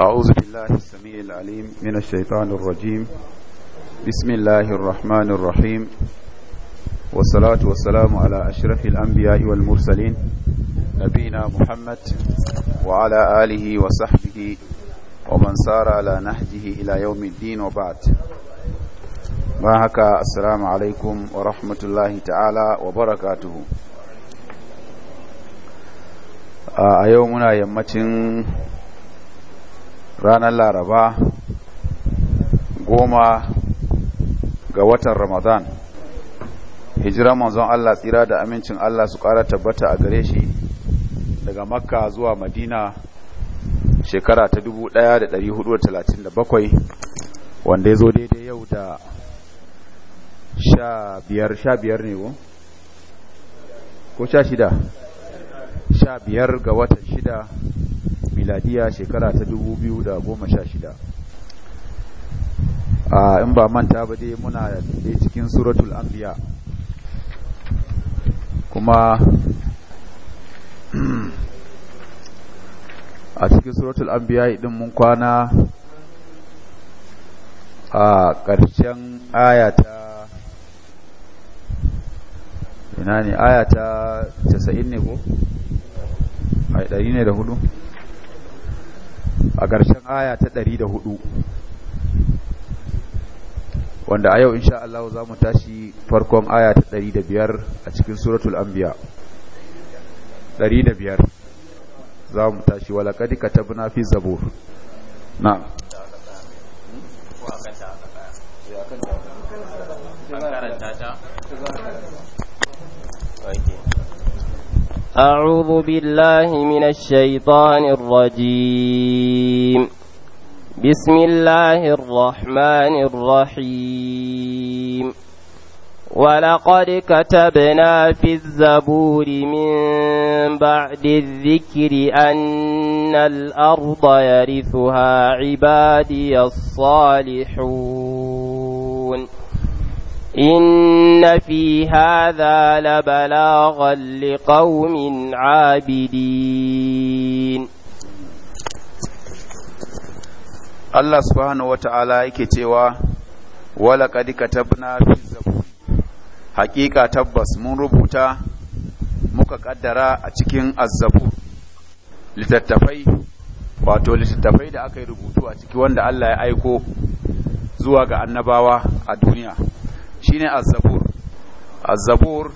أعوذ بالله السميع العليم من الشيطان الرجيم بسم الله الرحمن الرحيم والصلاة والسلام على أشرف الأنبياء والمرسلين نبينا محمد وعلى آله وصحبه ومن سار على نهجه إلى يوم الدين وبعد باهك السلام عليكم ورحمة الله تعالى وبركاته a yau muna yammacin ranar laraba goma ga watan ramadan hijira manzon Allah tsira da amincin Allah su ƙara tabbata a gare shi daga makka zuwa madina shekara ta 1437 wanda ya zo daidai yau da sha biyar ne ko? ko sha shida sha biyar ga watan shida miladiya shekara ta 2016 a in ba manta ba dai muna da cikin suratul anbiya kuma a cikin suratul anbiya din mun kwana a ƙarshen ayata ina ne ayata 90 ne ko a ɗari ne da hudu a ƙarshen aya ta 104 wanda a yau insha Allah za mu tashi farkon aya ta 105 a cikin suratul anbiya 105 za mu tashi wala tabi na fi zabo? na أعوذ بالله من الشيطان الرجيم بسم الله الرحمن الرحيم ولقد كتبنا في الزبور من بعد الذكر أن الأرض يرثها عبادي الصالحون إن في هذا لبلاغا لقوم عابدين الله سبحانه وتعالى يكتوى ولقد كتبنا في الزبور حقيقة تبس من ربوتا muka kaddara a cikin azzabu littattafai wato litattafai da aka rubutu a ciki wanda Allah ya aiko zuwa ga annabawa a duniya shine az-zabur az-zabur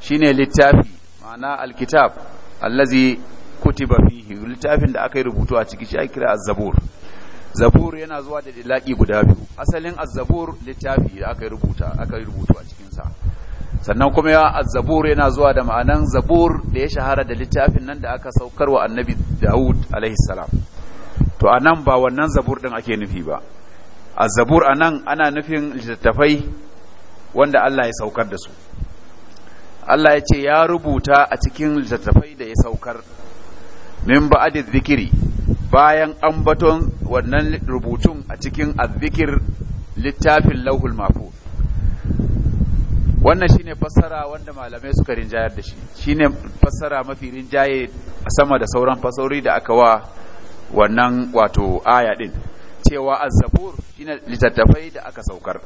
shine littafi ma'ana al-kitab allazi kutiba fihi littafin da aka yi rubutu a ciki shi ake kira az-zabur zabur yana zuwa da dilaki guda biyu asalin az-zabur littafi da aka yi rubuta aka yi rubutu a cikin sa sannan kuma ya az-zabur yana zuwa da ma'anan zabur da ya shahara da littafin nan da aka saukarwa annabi da'ud alaihi salam to anan ba wannan zabur din ake nufi ba az-zabur anan ana nufin littafai wanda Allah ya saukar da su Allah ya ce ya rubuta a cikin littattafai da ya saukar min ba'adid zikiri bayan ambaton wannan rubutun a cikin azzikir littafin lauhul mafu wannan shine fassara wanda malamai suka rinjayar da shi shine fassara mafi rinjaye sama da sauran fasori da aka wa wannan wato aya din cewa shi shine littattafai da aka saukar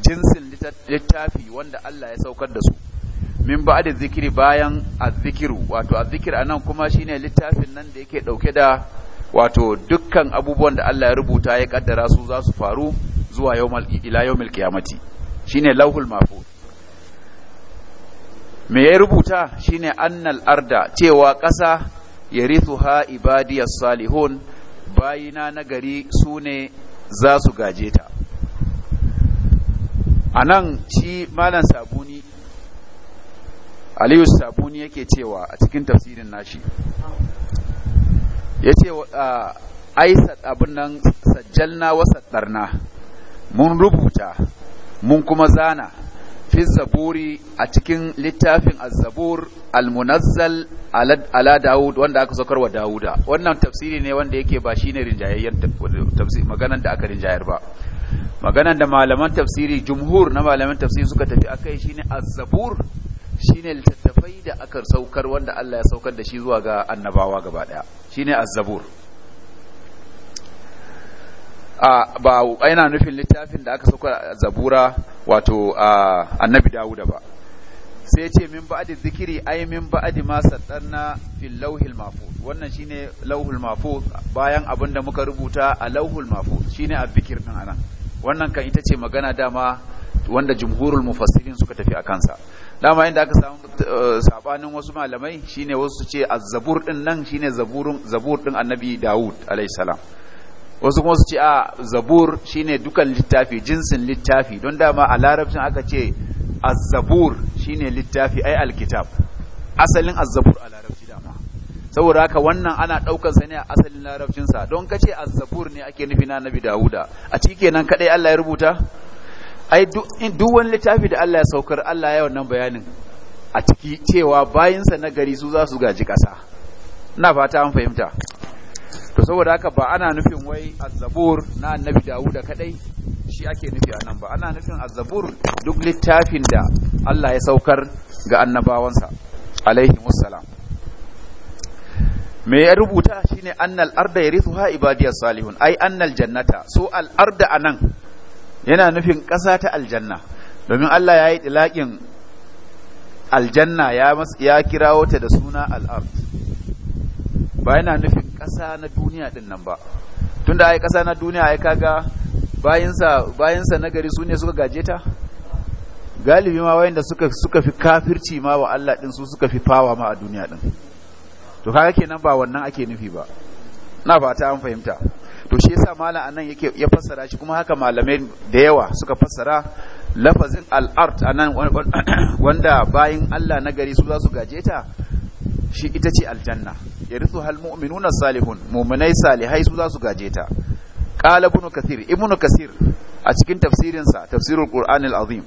jinsin littafi wanda Allah ya saukar da su min ba da zikiri bayan azzikiru wato azzikir anan kuma shine littafin nan da yake ɗauke da wato dukkan abubuwan da Allah ya rubuta ya kaddara su za su faru zuwa yawmal ila yawmil qiyamati shine lauhul mahfuz me ya rubuta shine annal arda cewa ƙasa yarithuha ibadiyas salihun bayina nagari sune za su gaje ta a nan shi malam sabuni aliyu sabuni yake cewa a cikin tafsirin nashi ya ce ai abin nan sajjalna wasa ɗarna, mun rubuta mun kuma zana fi zaburi a cikin littafin az almunazzal ala daud wanda aka saukar wa dauda wannan tafsiri ne wanda yake ba shine rinjayayyen tafsiri maganan da aka rinjayar ba maganan da malaman tafsiri jumhur na malaman tafsiri suka tafi akai shine az-zabur shine littattafai da aka saukar wanda Allah ya saukar da shi zuwa ga annabawa gaba daya shine az ba yana nufin littafin da aka sauka zabura wato annabi dawuda ba sai ce min ba'di zikiri ai min ba'di ma saddarna fil lauhil mahfuz wannan shine lauhul mahfuz bayan abin da muka rubuta a lauhul mahfuz a azzikir din anan wannan kan ita ce magana dama wanda jumhurul mufassirin suka tafi a kansa dama inda aka samu eh, sabanin wasu malamai shine wasu ce azzabur din nan shine zaburun zabur din annabi Dawud alayhi salam wasu kuma su ce a ah, zabur shine dukan littafi jinsin littafi don dama a larabcin aka ce azabur zabur shine littafi ai alkitab asalin a zabur a larabci dama saboda haka wannan ana daukar sa ne a asalin larabcinsa sa don kace azabur zabur ne ake nufi na Nabi Dawuda a cikin kenan kadai Allah ya rubuta ai duk wani littafi da Allah ya saukar Allah ya wannan bayanin a ciki cewa bayinsa na gari su za su gaji kasa ina fata an fahimta to saboda haka ba ana nufin wai azzabur na annabi dawuda kadai shi ake nufi a nan ba ana nufin azzabur duk littafin da Allah ya saukar ga annabawansa alaihi wassalam me ya rubuta shi shine annal arda ha ibadiyar salihun ai annal jannata so al arda nan yana nufin ƙasa ta aljanna domin Allah ya yi ɗilaƙin aljanna ya kirawo ta da suna al'ard ba yana nufin ƙasa na duniya din nan ba tunda ai ƙasa na duniya ai kaga bayinsa bayinsa nagari su ne suka gaje ta galibi ma wayanda suka suka fi kafirci ma wa Allah din su suka fi fawa ma a duniya din to kaga kenan ba wannan ake nufi ba na fata an fahimta to shi yasa malam anan yake ya fassara shi kuma haka malamai da yawa suka fassara lafazin al a anan wanda bayan Allah nagari su za su gaje ta shi ita ce aljanna yarisu hal mu'minuna salihun mu'minai salihai su za su gaje ta qala ibn kathir ibn kathir a cikin tafsirinsa tafsirul qur'an al'azim azim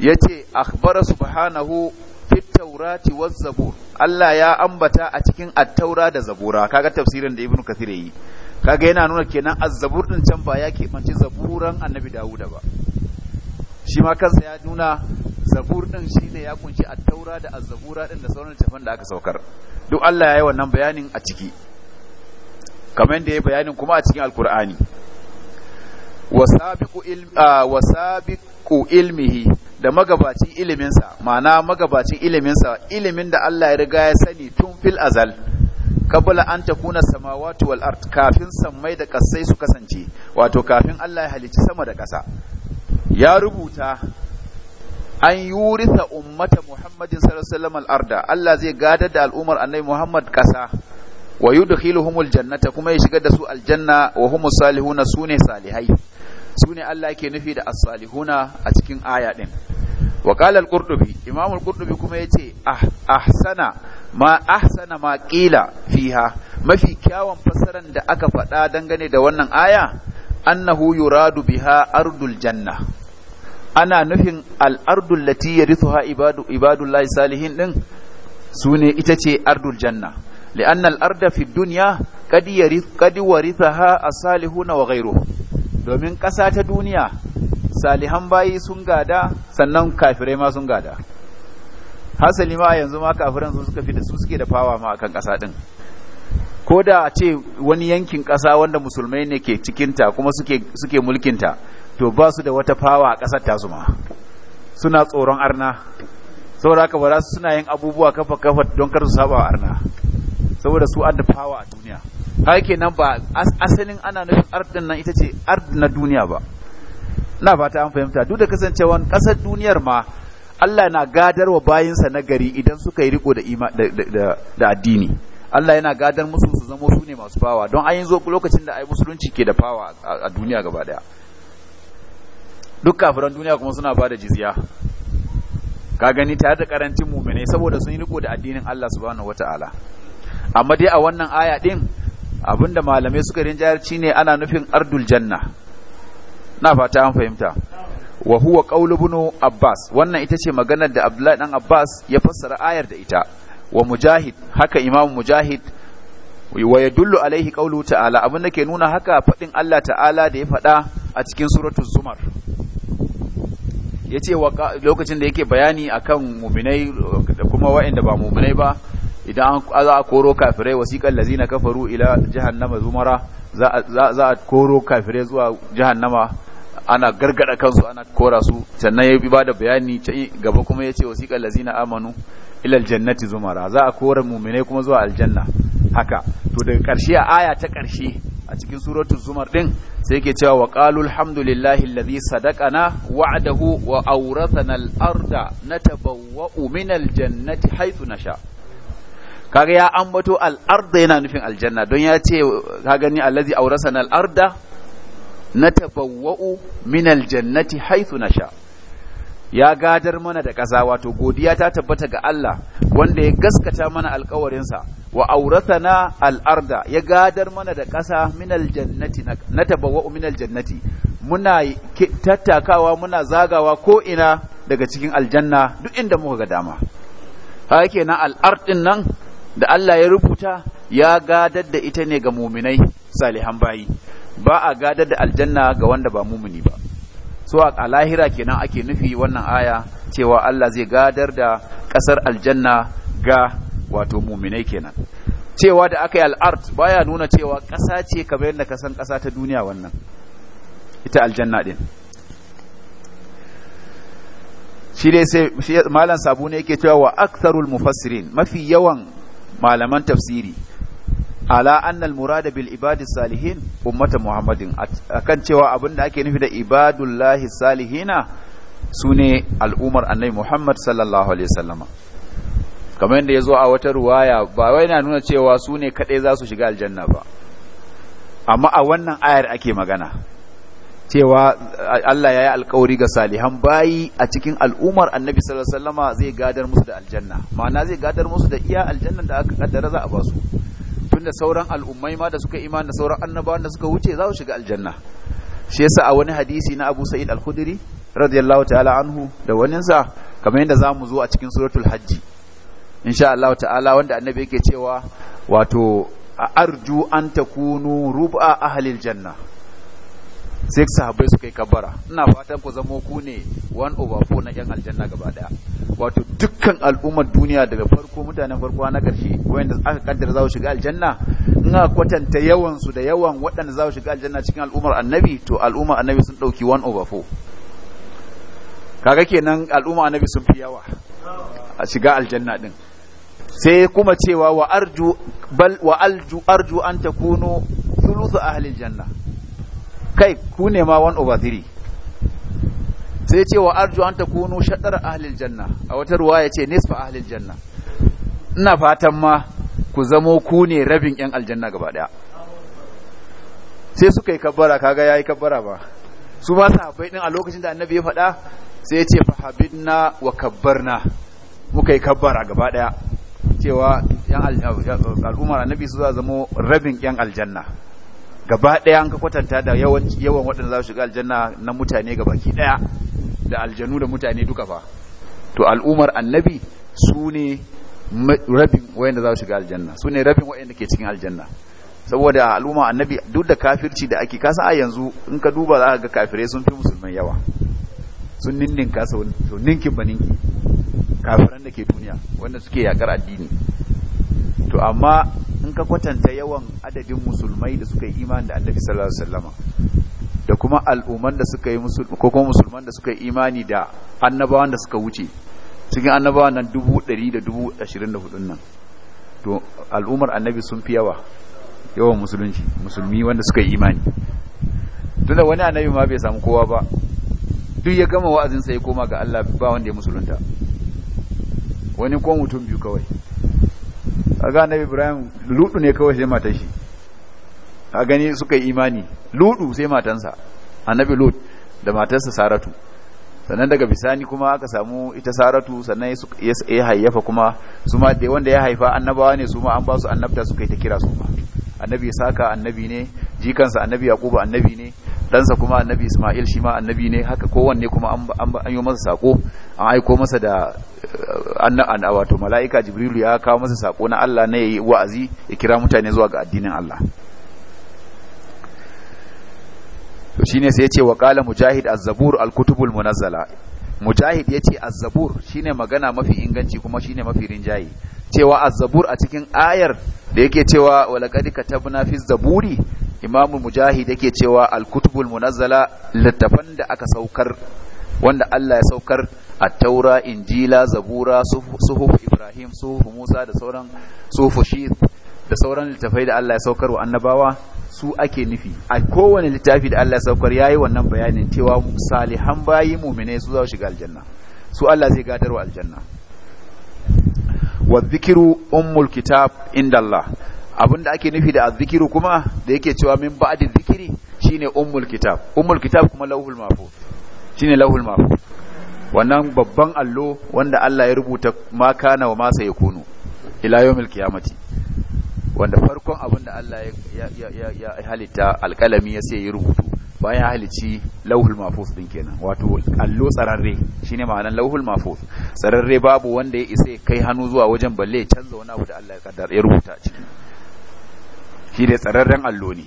yace akhbara subhanahu fit tawrati waz zabur Allah ya ambata a cikin attaura da zabura kaga tafsirin da ibn ya yi kaga yana nuna kenan az-zabur din can ba ya keɓance zaburan annabi dawuda ba shi ma kansa ya nuna zabur ɗin shi ne ya kunshi a taura da az-zabura da sauran tafan da aka saukar duk Allah ya yi wannan bayanin a ciki kamar yadda ya yi bayanin kuma a cikin alkur'ani wasabiku ilmihi da magabacin iliminsa ma'ana magabacin iliminsa ilimin da Allah ya riga ya sani tun fil azal kabula an kuna samawati wal art kafin sammai da kasai su kasance wato kafin Allah ya halicci sama da kasa ya rubuta an yurisa ummata Muhammadin sallallahu alaihi arda Allah zai gadar da al'ummar Annabi Muhammad kasa wa yudkhiluhumul jannata kuma ya shigar da su aljanna wa humus salihuna sune salihai sune Allah yake nufi da as-salihuna a cikin aya din wa qala al-qurtubi imam qurtubi kuma yace ah ahsana ma ahsana ma qila fiha mafi kyawun fasaran da aka faɗa dangane da wannan aya annahu yuradu biha ardul janna ana nufin al’ardun lati ha ibadun ibadullahi salihin ɗin, su ne ita ce ardun janna li'anna al'arda fi dunya qad yarith qad warithaha as-salihuna wa domin ƙasa ta duniya salihan bayi sun gada sannan kafirai ma sun gada hasali ma yanzu ma kafiran sun suka fi da su suke da fawa ma akan ƙasa ɗin. ko da a ce wani yankin ƙasa wanda musulmai ne ke cikinta kuma suke mulkinta to ba su da wata fawa a ƙasar tasu ma suna tsoron arna saboda haka ba suna yin abubuwa kafa kafa don kar su saba arna saboda su an da fawa a duniya haka nan ba asalin ana nufin ardin nan ita ce ardin na duniya ba na fata an fahimta duk da kasancewan ƙasar duniyar ma Allah na wa bayinsa na gari idan suka yi riko da da addini Allah yana gadar musu su zama su ne masu fawa don ayin zo lokacin da ai musulunci ke da fawa a duniya gaba daya duk kafiran duniya kuma suna da jizya ka gani tare da karancin mu'minai saboda sun yi riko da addinin Allah subhanahu wata'ala amma dai a wannan aya din abinda malamai suka rinjayar ne ana nufin ardul janna na fata an fahimta wa huwa qawlu ibn abbas wannan ita ce maganar da abdullahi dan abbas ya fassara ayar da ita wa mujahid haka imam mujahid wa yadullu alaihi kaulu ta'ala abin da ke nuna haka fadin Allah ta'ala da ya fada a cikin suratul zumar ya ce lokacin da yake bayani akan muminai da kuma waɗanda ba muminai ba idan an za a koro kafirai wasiƙan lazina kafaru ila jihannama zumara za a koro kafirai zuwa jihannama ana gargada kansu ana kora su sannan ya ba da bayani gaba kuma ya ce wasiƙan lazina amanu ilal jannati zumara za a kora muminai kuma zuwa aljanna haka to daga ƙarshe a aya ta ƙarshe a cikin suratul zumar din sai yake cewa wa qalu alhamdulillahi alladhi sadaqana wa'dahu wa awrathana al-arda natabawwa'u min al-jannati haythu nasha kaga ya ambato al-arda yana nufin aljanna don ya ce ka gani alladhi awrathana al-arda natabawwa'u min al-jannati haythu nasha ya gadar mana da kaza wato godiya ta tabbata ga Allah wanda ya gaskata mana alƙawarinsa wa aurasana al'arda ya gadar mana da ƙasa minal jannati na tabawa'u minal jannati muna tattakawa muna zagawa ko ina daga cikin aljanna duk inda muka ga dama haka kenan al'ardin nan da Allah ya rubuta ya gadar da ita ne ga muminai salihan bayi ba a gadar da aljanna ga wanda ba mumuni ba so a lahira kenan ake nufi wannan aya cewa Allah zai gadar da ƙasar aljanna ga wato muminai kenan cewa da aka yi al'art baya nuna cewa ƙasa ce kamar yadda ka san ƙasa ta duniya wannan ita aljanna din shi dai sai malam sabu ne yake cewa wa aktharul mufassirin mafi yawan malaman tafsiri ala annal murada bil ibadis salihin ummata muhammadin akan cewa abin da ake nufi da ibadullahi salihina sune al'umar annabi muhammad sallallahu alaihi wasallama kamar yadda ya zo a wata ruwaya ba wai na nuna cewa su ne kaɗai za su shiga aljanna ba amma a wannan ayar ake magana cewa Allah ya yi alkawari ga salihan bayi a cikin al'umar annabi sallama zai gadar musu da aljanna ma'ana zai gadar musu da iya aljannan da aka kaddara za a ba su tun da sauran al'ummai ma da suka imani da sauran annabawan da suka wuce za su shiga aljanna shi yasa a wani hadisi na Abu Sa'id al-Khudri radiyallahu ta'ala anhu da waninsa kamar yadda mu zo a cikin suratul hajji insha Allah ta'ala wanda annabi yake cewa wato arju an takunu ruba ahlil janna sai sahabbai suka yi kabbara ina fatan ku zama ku ne one over four na yan aljanna gaba daya wato dukkan al'ummar duniya daga farko mutanen farko na karshe wanda aka kaddara za su shiga aljanna ina kwatanta yawan su da yawan waɗanda za su shiga aljanna cikin al'ummar annabi to al'ummar annabi sun dauki one over four kaga kenan al'ummar annabi sun fi yawa a shiga aljanna din sai kuma cewa wa arju bal wa alju arju an takunu thuluthu ahli aljanna kai ku ne ma one over three. sai ce wa arju an takunu a ahli aljanna a wata ruwaya ce nisfa ahli aljanna ina fatan ma ku zamo ku ne rabin yan aljanna gaba daya sai suka yi kabbara kaga yayi kabbara ba su ma sahabbai din a lokacin da annabi ya faɗa sai ya ce fa habidna wa kabbarna muka yi kabbara gaba daya cewa al'ummar annabi su za zama rabin yan aljanna gaba ɗaya an ka kwatanta da yawan waɗanda za su shiga aljanna na mutane gaba ki ɗaya da aljanu da mutane duka fa to al'ummar annabi su ne rabin wayanda za su shiga aljanna su ne rabin wayanda ke cikin aljanna saboda al'ummar annabi duk da kafirci da ake kasa a yanzu in ka duba za ka ga kafirai sun fi musulmai yawa sun ninninka sau ninkin ba ninki kafiran da ke duniya wanda suke yakar addini to amma in ka kwatanta yawan adadin musulmai da suka yi imani da annabi sallallahu alaihi wasallama da kuma al'umman da suka yi musulman ko kuma musulman da suka yi imani da annabawan da suka wuce cikin annabawan nan dubu ɗari da dubu ashirin da hudun nan to al'ummar annabi sun fi yawa yawan musulunci musulmi wanda suka yi imani tunda wani annabi ma bai samu kowa ba duk ya gama wa'azin sai koma ga Allah ba wanda ya musulunta wani ko mutum biyu kawai ga annabi Ibrahim ludu ne kawai sai matan shi a gani suka yi imani ludu sai matansa annabi lud da matarsa Saratu sannan daga bisani kuma aka samu ita saratu sannan ya haifa kuma su ma wanda ya haifa annabawa ne su ma an ba su annabta suka yi ta kira su ma annabi saka annabi ne jikansa annabi yaquba annabi ne ɗansa kuma annabi isma'il shi ma annabi ne haka kowanne kuma an yi masa sako an aiko masa da eh, an wato mala'ika jibrilu ya kawo masa sako na allah na yayi wa'azi ya kira mutane zuwa ga addinin allah to shine sai yace wa qala mujahid az-zabur al-kutubul munazzala mujahid ya ce zabur shine magana mafi inganci kuma shine mafi rinjaye. cewa az a cikin ayar da yake cewa walaqad katabna fi zaburi imamu mujahid yake cewa al munazzala littafan da aka saukar wanda Allah ya saukar at-taura injila zabura suhuf ibrahim suhuf musa da sauran suhuf shith da sauran littafai da Allah ya saukar wa annabawa su ake nufi a kowane littafi da Allah ya saukar yayi wannan bayanin cewa salihan bayi mu'mine su za su shiga aljanna su Allah zai gadar wa aljanna wa zikiru ummul kitab inda Allah abinda ake nufi da azzikiru kuma da yake cewa min ba'di zikiri shine ummul kitab ummul kitab kuma lauhul mahfuz shine lauhul mahfuz wannan babban allo wanda Allah ya rubuta ma kana wa ma sayakunu ila yawmil qiyamati wanda farkon abinda Allah ya halitta alkalami ya sai ya rubutu bayan ya halici lauhul mafus din kenan wato allo tsararre shine ma'anar lauhul mafus tsararre babu wanda ya isa kai hannu zuwa wajen balle ya canza wani abu da Allah ya kaddar ya rubuta ciki shi dai tsararren allo ne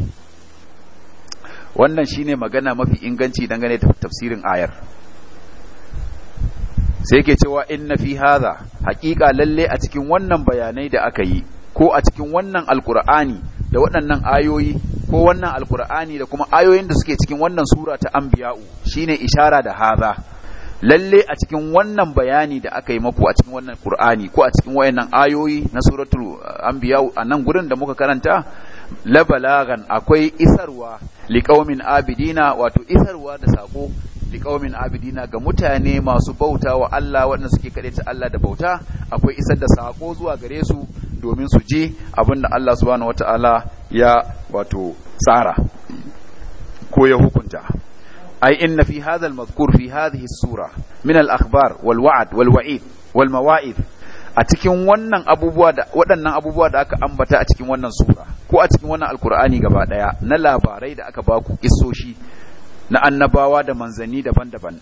wannan shine magana mafi inganci dangane da tafsirin ayar sai yake cewa inna fi haza haqiqa lalle a cikin wannan bayanai da aka yi ko a cikin wannan alqur'ani da waɗannan ayoyi ko wannan alkur'ani da kuma ayoyin da suke cikin wannan sura ta anbiya'u shine ishara da haza lalle a cikin wannan bayani da aka yi maku a cikin wannan qur'ani ko a cikin wayannan ayoyi na suratul uh, anbiya'u a nan gurin da muka karanta la balagan akwai isarwa liqaumin abidina wato isarwa da sako liqaumin abidina ga mutane masu bauta wa Allah wanda suke ta Allah da bauta akwai isar da sako zuwa gare su domin su je abinda Allah subhanahu wataala ya wato tsara ko ya hukunta ai inna fi hadha al-madhkur fi hadhihi sura min al-akhbar wal wa'd wal wa'id wal mawa'id a cikin wannan abubuwa da waɗannan abubuwa da aka ambata a cikin wannan sura ko a cikin wannan alkur'ani gaba ɗaya na labarai da aka baku isoshi na annabawa da manzanni daban-daban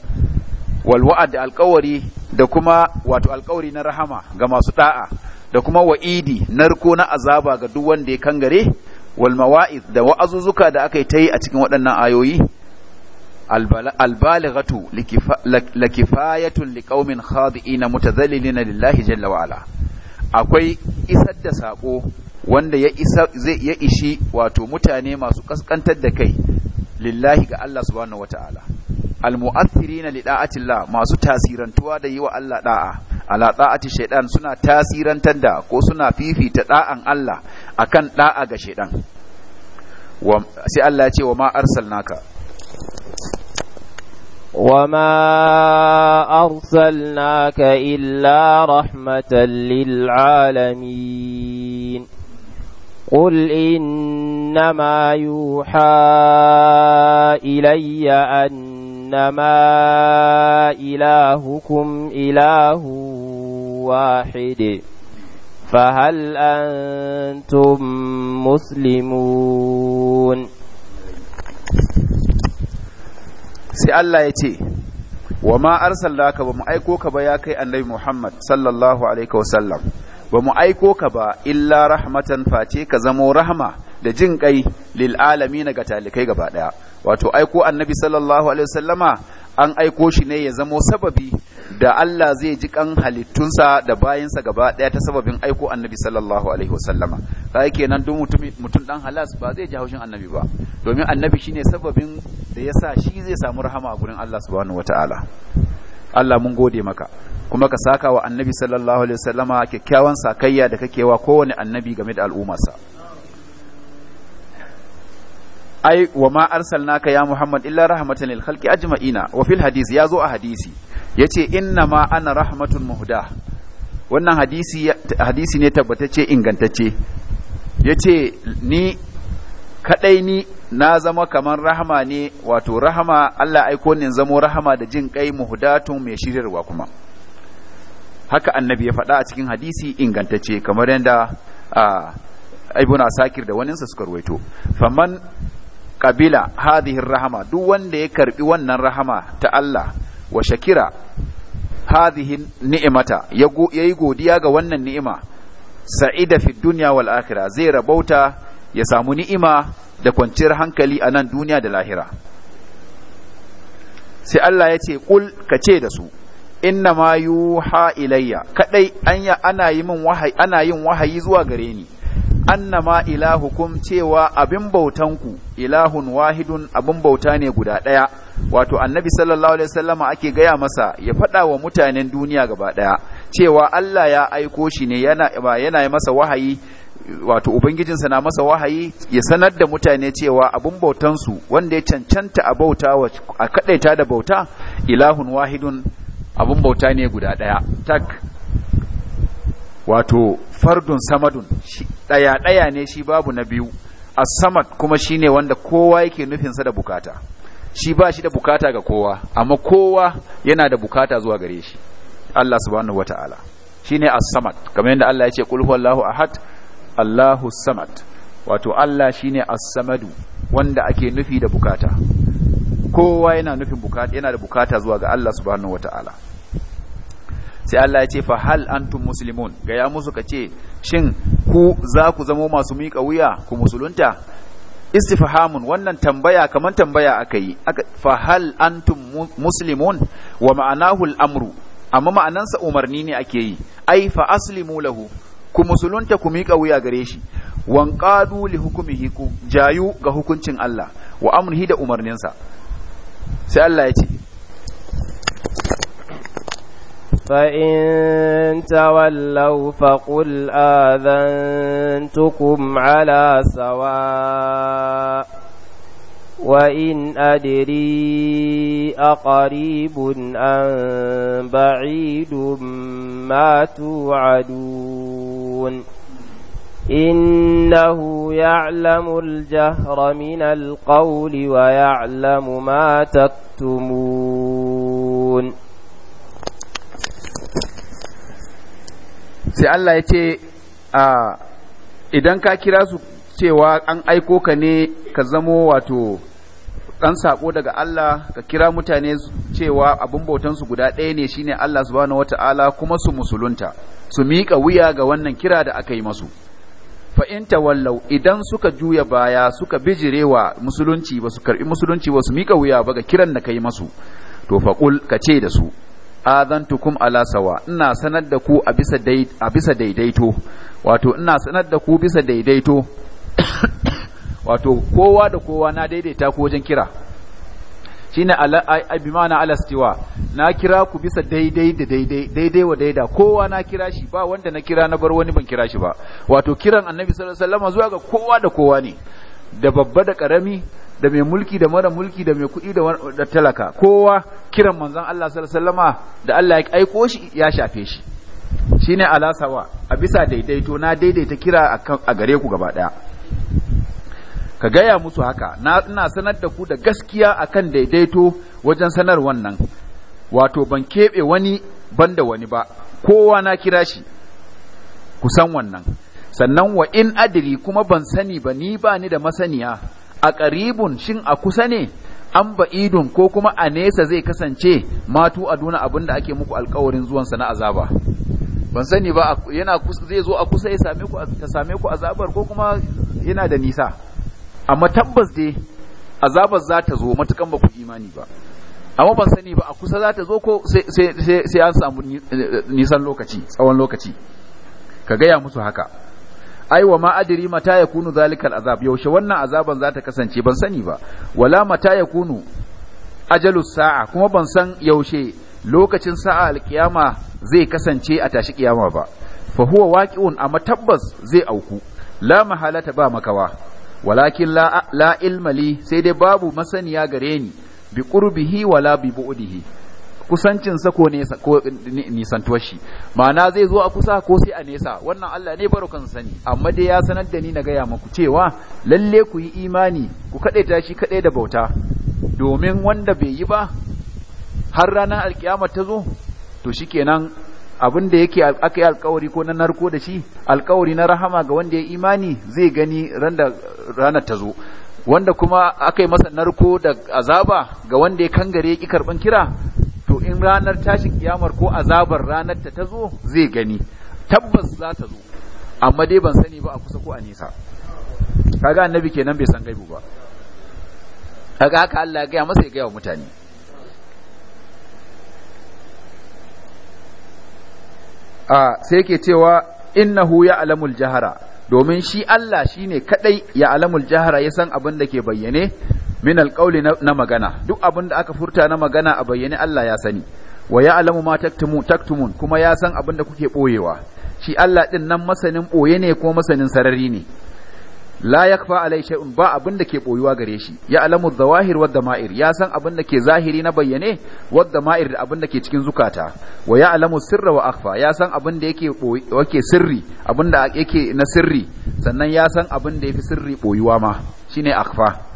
wal wa'ad da alƙawari da kuma wato alƙawari na rahama ga masu da'a da kuma wa'idi narko na azaba ga duk wanda ya kangare wal mawa'iz da azuzuka da aka yi ta yi a cikin waɗannan ayoyi albalighatu lakifayatun liqaumin khadi'ina mutazallilina lillahi jalla wa ala akwai isar da sako wanda ya isa zai ya ishi wato mutane masu kaskantar da kai lillahi ga Allah subhanahu wataala almu'athirina li da'atillah masu tasirantuwa da yi wa Allah da'a ala da'ati shaytan suna tasirantar da ko suna fifita da'an Allah akan da'a ga shaytan sai Allah ya ce wa ma arsalnaka وما أرسلناك إلا رحمة للعالمين قل إنما يوحى إلي أن إنما إلهكم إله واحد فهل أنتم مسلمون sai Allah ya ce wa ma arsalnaka ba mu aiko ka ba ya kai annabi Muhammad sallallahu alaihi wasallam ba mu aiko ka ba illa rahmatan face ka zamo rahma da jin kai lil alami alamin ga talikai gaba daya wato aiko annabi sallallahu alaihi wasallama an aiko shi ne ya zamo sababi da Allah zai ji kan halittunsa da bayinsa gaba daya ta sababin aiko annabi sallallahu alaihi wasallama kai kenan duk mutum mutum dan halas ba zai ji haushin annabi ba domin annabi shine sababin da yasa shi zai samu rahama a gurin Allah subhanahu wataala Allah mun gode maka kuma ka saka wa annabi sallallahu alaihi wasallama kyakkyawan sakayya da kake wa kowane annabi game da al'ummarsa ai wa ma arsalnaka ya muhammad illa rahmatan lil khalqi ajma'ina wa fil ya zo a hadisi yace inna ma ana rahmatun muhda wannan hadisi hadisi ne tabbatacce ingantacce yace ni kadai ni na zama kamar rahama ne wato rahama Allah aiko ni zamo rahama da jin kai muhdatun mai shirirwa kuma haka annabi ya faɗa a cikin hadisi ingantacce kamar yadda ibn sakir da waninsa suka ruwaito faman Kabila hadhihi rahama duk wanda ya karbi wannan rahama ta Allah wa shakira hadhihi ni'mata yayi godiya ga wannan ni'ima sa'ida fi dunya wal akhirah zai rabauta ya samu ni'ima da kwanciyar hankali a nan duniya da lahira sai Allah ya ce kul ka ce da su inna ma yuha ilayya kadai ana yi min wahayi ana yin wahayi zuwa gare ni annama ilahukum cewa abin bautanku ilahun wahidun abun bauta ne guda ɗaya wato annabi sallallahu alaihi wasallama ake gaya masa ya faɗa wa mutanen duniya gaba ɗaya cewa Allah ya aiko shi ne yana yana masa wahayi wato ubangijinsa na masa wahayi ya sanar da mutane cewa abun bautansu wanda ya cancanta a bauta a kadaita da bauta ilahun wahidun abun bauta ne guda ɗaya tak wato fardun samadun ɗaya ɗaya ne shi babu na biyu Asamat kuma shine wanda kowa yake nufinsa da bukata shi ba shi da bukata ga kowa amma kowa yana da bukata zuwa gare shi Allah subhanahu wata'ala shine as-samad kamar yadda Allah ya ce qul huwallahu ahad Allahu samad wato Allah shine as-samadu wanda ake nufi da bukata kowa yana nufin bukata yana da bukata zuwa ga Allah subhanahu wata'ala sai Allah ya ce fa hal antum muslimun ga ya musu kace shin ku za ku zama masu miƙa wuya ku musulunta istifhamun wannan tambaya kaman tambaya akai fa hal antum muslimun wa ma'anahu al-amru amma ma'anansa umarni ne ake yi ai fa aslimu lahu ku musulunta ku miƙa wuya gare shi wan qadu li hukmihi ku jayu ga hukuncin Allah wa amrihi da umarninsa sai Allah ya ce فإن تولوا فقل آذنتكم على سواء وإن أدري أقريب أم بعيد ما توعدون إنه يعلم الجهر من القول ويعلم ما تكتمون sai Allah ya ce idan ka kira su cewa an aiko ka ne ka zamo wato ɗan saƙo daga Allah ka kira mutane cewa abin bautansu guda ɗaya ne shine Allah su subhanahu wata'ala kuma su musulunta su miƙa wuya ga wannan kira da aka yi masu fa'inta wallau idan suka juya baya suka bijirewa musulunci ba su karɓi musulunci ba su miƙa wuya ba ga kiran da ka yi masu to faƙul ka ce da su azantukum ala sawa ina sanar da ku a bisa a bisa daidaito wato ina sanar da ku bisa daidaito wato kowa da kowa na daidaita ku wajen kira shine ala bi mana ala stiwa na kira ku bisa daidai da daidai daidai wa daida kowa na kira shi ba wanda na kira na bar wani ban kira shi ba wato kiran annabi sallallahu alaihi wasallam zuwa ga kowa da kowa ne da babba da karami da mai mulki da mara mulki da mai kuɗi da talaka kowa kiran manzon Allah sallallahu da Allah ya aiko shi ya shafe shi shine alasawa a bisa daidaito na daidaita kira a gare ku gaba daya ka gaya musu haka na ina sanar da ku da gaskiya akan daidaito wajen sanar wannan wato ban keɓe wani banda wani ba kowa na kira shi ku san wannan sannan wa in adiri kuma ban sani ba ni ba ni da masaniya a ƙaribun shin a kusa ne an ba'idun ko kuma a nesa zai kasance matu a duna abin da ake muku alkawarin zuwansa na azaba ban sani ba yana zai zo a kusa ya same ku a zabar ko kuma yana da nisa amma tabbas dai azabar za ta zo matukan ba ku imani ba amma ban sani ba a kusa za ta zo ko sai an samu eh, nisan lokaci tsawon lokaci ka gaya musu haka ai wa ma adri mata yakunu zalikal azab yaushe wannan azaban za ta kasance ban sani ba wala mata yakunu ajalu sa'a kuma ban san yaushe lokacin sa'a alkiyama zai kasance a tashi kiyama ba fa huwa waqi'un amma tabbas zai auku la mahalata ba makawa walakin la, la ilmali sai dai babu masaniya gare ni bi qurbihi wala bi bu'dihi kusancinsa ko nesa ko nisantuwar shi ma'ana zai zo a kusa ko sai a nesa wannan Allah ne baro sani amma dai ya sanar da ni na gaya muku cewa lalle ku yi imani ku kadaita shi kaɗai da bauta domin wanda bai yi ba har ranar alkiyama ta zo to shikenan abin da yake aka yi alkawari ko na narko da shi alkawari na rahama ga wanda ya imani zai gani ranar ta zo wanda kuma aka yi masa narko da azaba ga wanda ya kangare ya ƙi karɓan kira to in ranar tashin kiyamar ko azabar ranar ta ta zo zai gani tabbas za ta zo amma dai ban sani ba a kusa ko a nisa kaga annabi kenan bai san gaibu ba kaga haka Allah ya gaya masa ya gaya wa mutane a sai yake cewa innahu ya alamul jahara domin shi Allah shine kadai ya alamul jahara ya san abin da ke bayyane min alqawli na magana duk abin da aka furta na magana a bayyane Allah ya sani wa alamu ma taktumu taktumun kuma ya san abin da kuke boyewa shi Allah ɗin nan masanin boye ne ko masanin sarari ne la yakfa alai shay'un ba abin da ke boyuwa gare shi ya alamu zawahir wa damair ya san abin da ke zahiri na bayyane wa damair da abin da ke cikin zukata wa alamu sirra wa akhfa ya san abin da yake yake sirri abin da yake na sirri sannan ya san abin da yafi sirri boyuwa ma shine akhfa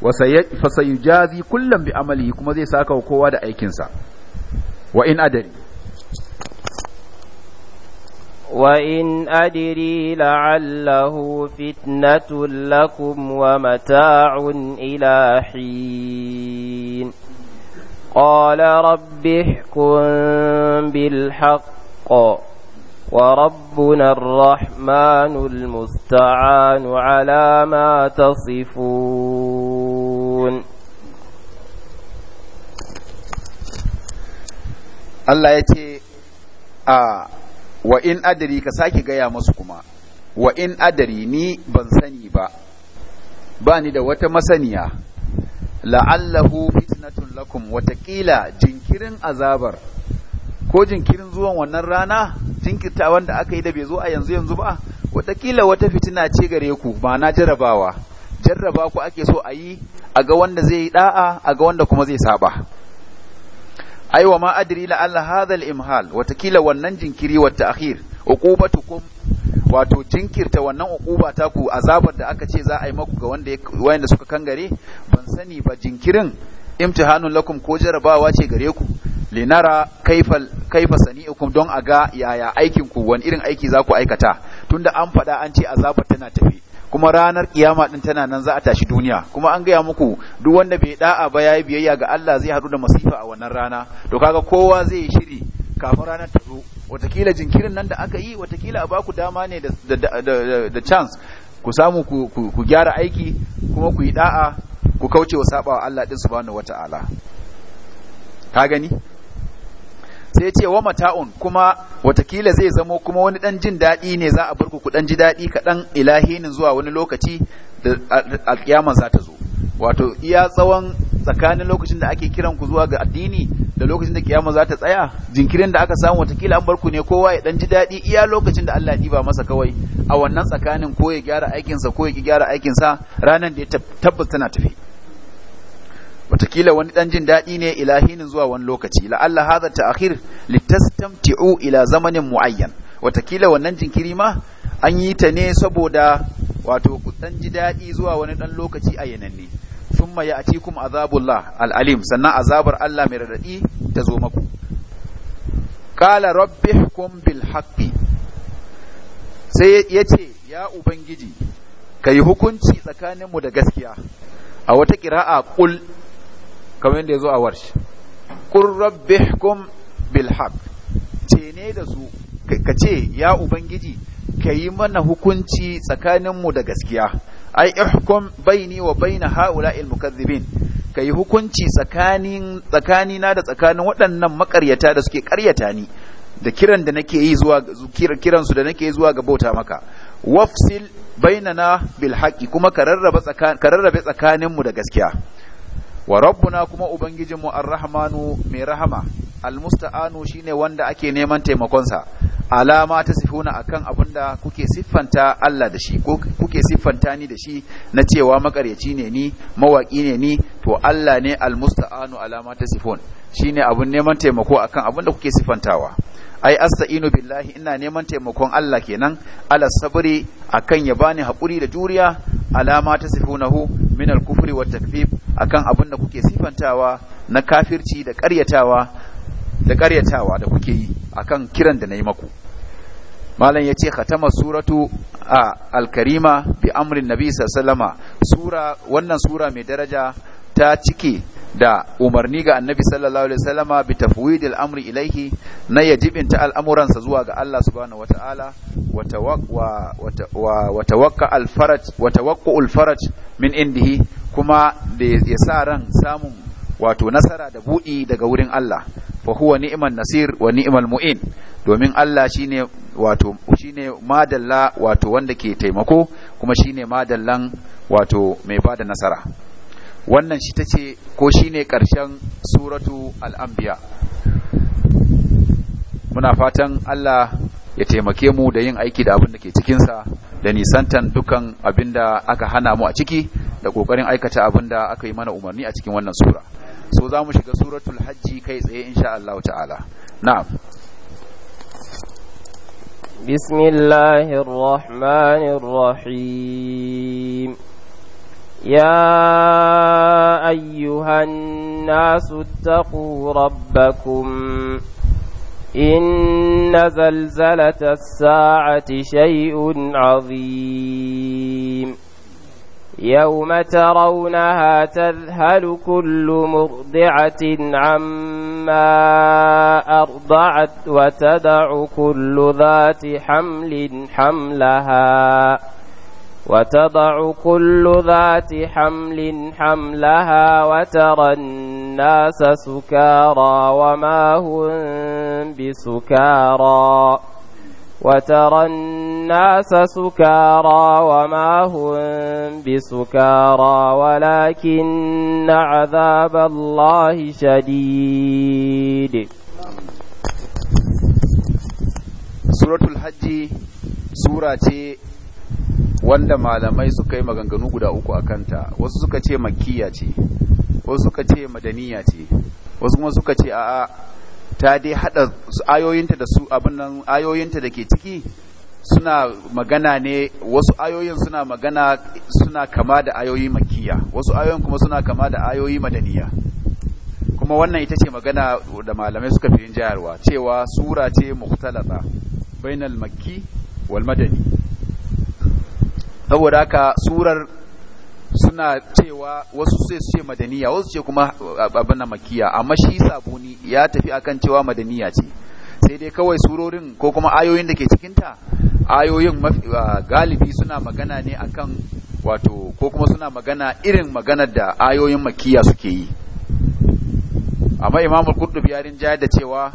fasayujazi kullum bi amali kuma zai saka kowa da aikinsa wa in adari wa in adiri la'allahu fitnatun lakum wa mata'un ila hin qala rabbi ihkum bil haqqi وربنا الرحمن المستعان على ما sifun. Allah ya ce a wa in adari ka sake gaya masu kuma wa in adari ni ban sani ba bani da wata masaniya la'allahu fitnatun lakum watakila jinkirin azabar ko jinkirin zuwan wannan rana jinkirta wanda aka yi da bai zo a yanzu yanzu ba watakila wata fitina ce gare ku ba na jarrabawa jarraba ku ake so a yi a ga wanda zai yi da'a a ga wanda kuma zai saba aiwa ma adri la alla hadha imhal watakila wannan jinkiri wa ta'khir uqubatukum wato jinkirta wannan uquba ta ku azabar da aka ce za a yi maku ga wanda wanda suka kangare ban sani ba jinkirin imtihanun lakum ko jarabawa ce gare ku linara kaifa kaifa sani'ukum don aga yaya aikin ku wani irin aiki za ku aikata tunda an faɗa an ce azabar tana tafi kuma ranar kiyama din tana nan za a tashi duniya kuma an gaya muku duk wanda bai da'a ba yayi biyayya ga Allah zai haɗu da masifa a wannan rana to kaga kowa zai shiri kafin ranar ta zo watakila jinkirin nan da aka yi watakila a baku dama ne da chance ku samu ku gyara aiki kuma ku yi da'a ku kauce wa saba wa Allah din subhanahu wata'ala ka gani sai ce wa mata'un kuma watakila zai zamo kuma wani ɗan jin daɗi ne za a bar ku dan ji daɗi kaɗan ilahinin zuwa wani lokaci da alƙiyama za ta zo wato iya tsawon tsakanin lokacin da ake kiran ku zuwa ga addini da lokacin da kiyama za ta tsaya jinkirin da aka samu watakila an bar ku ne kowa ya dan ji daɗi iya lokacin da Allah ya ba masa kawai a wannan tsakanin ko ya gyara aikinsa ko ya ki gyara aikinsa ranar da ya tabbata tana tafi watakila wani dan jin daɗi ne ilahinin zuwa wani lokaci la'alla hadha ta'khir litastamti'u ila zamanin muayyan watakila wannan jinkiri ma an yi ta ne saboda wato ku dan ji daɗi zuwa wani dan lokaci a yananne thumma ya'tikum azabullah alalim sannan azabar Allah mai raɗaɗi ta zo maku qala rabbihkum bil haƙƙi. sai yace ya ubangiji yi hukunci tsakaninmu da gaskiya a wata qira'a ƙul. kamar yadda yazo a warsh qul rabbihkum bil haqq ce ne da su ka ce ya ubangiji ka yi mana hukunci tsakaninmu da gaskiya ai ihkum baini wa baina haula'il mukazzibin ka yi hukunci tsakanin tsakanina da tsakanin waɗannan makaryata da suke karyata ni da kiran da nake yi zuwa kiran su da nake yi zuwa ga bauta maka wafsil bainana bil haqqi kuma ka rarrabe tsakaninmu da gaskiya wa rabbuna kuma ubangijinmu arrahmanu mai rahama almusta'anu shine wanda ake neman taimakonsa alama ta sifuna akan abin da kuke siffanta Allah da shi kuke siffanta ni da shi na cewa makaryaci ne ni mawaki ne ni to Allah ne almusta'anu alama ta sifun shine abin neman taimako akan abin da kuke siffantawa ai asta'inu billahi ina neman taimakon Allah kenan ala sabri akan ya bani hakuri da juriya alama ta sifunahu min al-kufri wa takfif akan abin da kuke sifantawa na kafirci da ƙaryatawa da ƙaryatawa da kuke yi akan kiran da nayi maku malam yace khatama suratu al-karima bi amrin nabi sallallahu alaihi wasallama sura wannan sura mai daraja ta cike da umarni ga annabi sallallahu alaihi wasallama bi tafwidil amri ilaihi na yajibinta al'amuransa zuwa ga Allah subhanahu wataala wa tawakka al-faraj wa al faraj min indihi kuma da ya sa ran samun wato nasara da budi daga wurin Allah fa huwa ni'man nasir wa ni'mal mu'in domin Allah shine wato shine madalla wato wanda ke taimako kuma shine madallan wato mai bada nasara wannan shi ta ce ko shi ne ƙarshen suratu al'ambiya. muna fatan Allah ya taimake mu da yin aiki da abin da ke cikinsa da nisantan dukan abin da aka hana mu a ciki da ƙoƙarin aikata abin da aka yi mana umarni a cikin wannan sura so za mu shiga suratul hajji kai tsaye insha Allah ta'ala na'am bismillahir rahmanir يا أيها الناس اتقوا ربكم إن زلزلة الساعة شيء عظيم يوم ترونها تذهل كل مرضعة عما أرضعت وتدع كل ذات حمل حملها وتضع كل ذات حمل حملها وترى الناس سكارى وما هم بسكارى وترى الناس سكارى وما هم بسكارى ولكن عذاب الله شديد سورة الحج سورة wanda malamai suka yi maganganu guda uku a kanta wasu suka ce makkiya ce wasu suka ce madaniya ce wasu kuma suka ce a'a ta dai hada ayoyinta da su abin nan ayoyinta da ke ciki suna magana ne wasu ayoyin suna magana suna kama da ayoyi makiya wasu ayoyin kuma suna kama da ayoyi madaniya kuma wannan ita ce magana da malamai suka fi yin jayarwa cewa sura ce mukhtalata bainal makki wal madani saboda haka surar suna cewa wasu sai su ce madaniya wasu ce kuma abin makiya amma shi sabuni ya tafi akan cewa madaniya ce sai dai kawai surorin ko kuma ayoyin da ke cikinta ayoyin galibi suna magana ne akan wato ko kuma suna magana irin maganar da ayoyin makiya suke yi amma imamul qurtubi ya rinjaya da cewa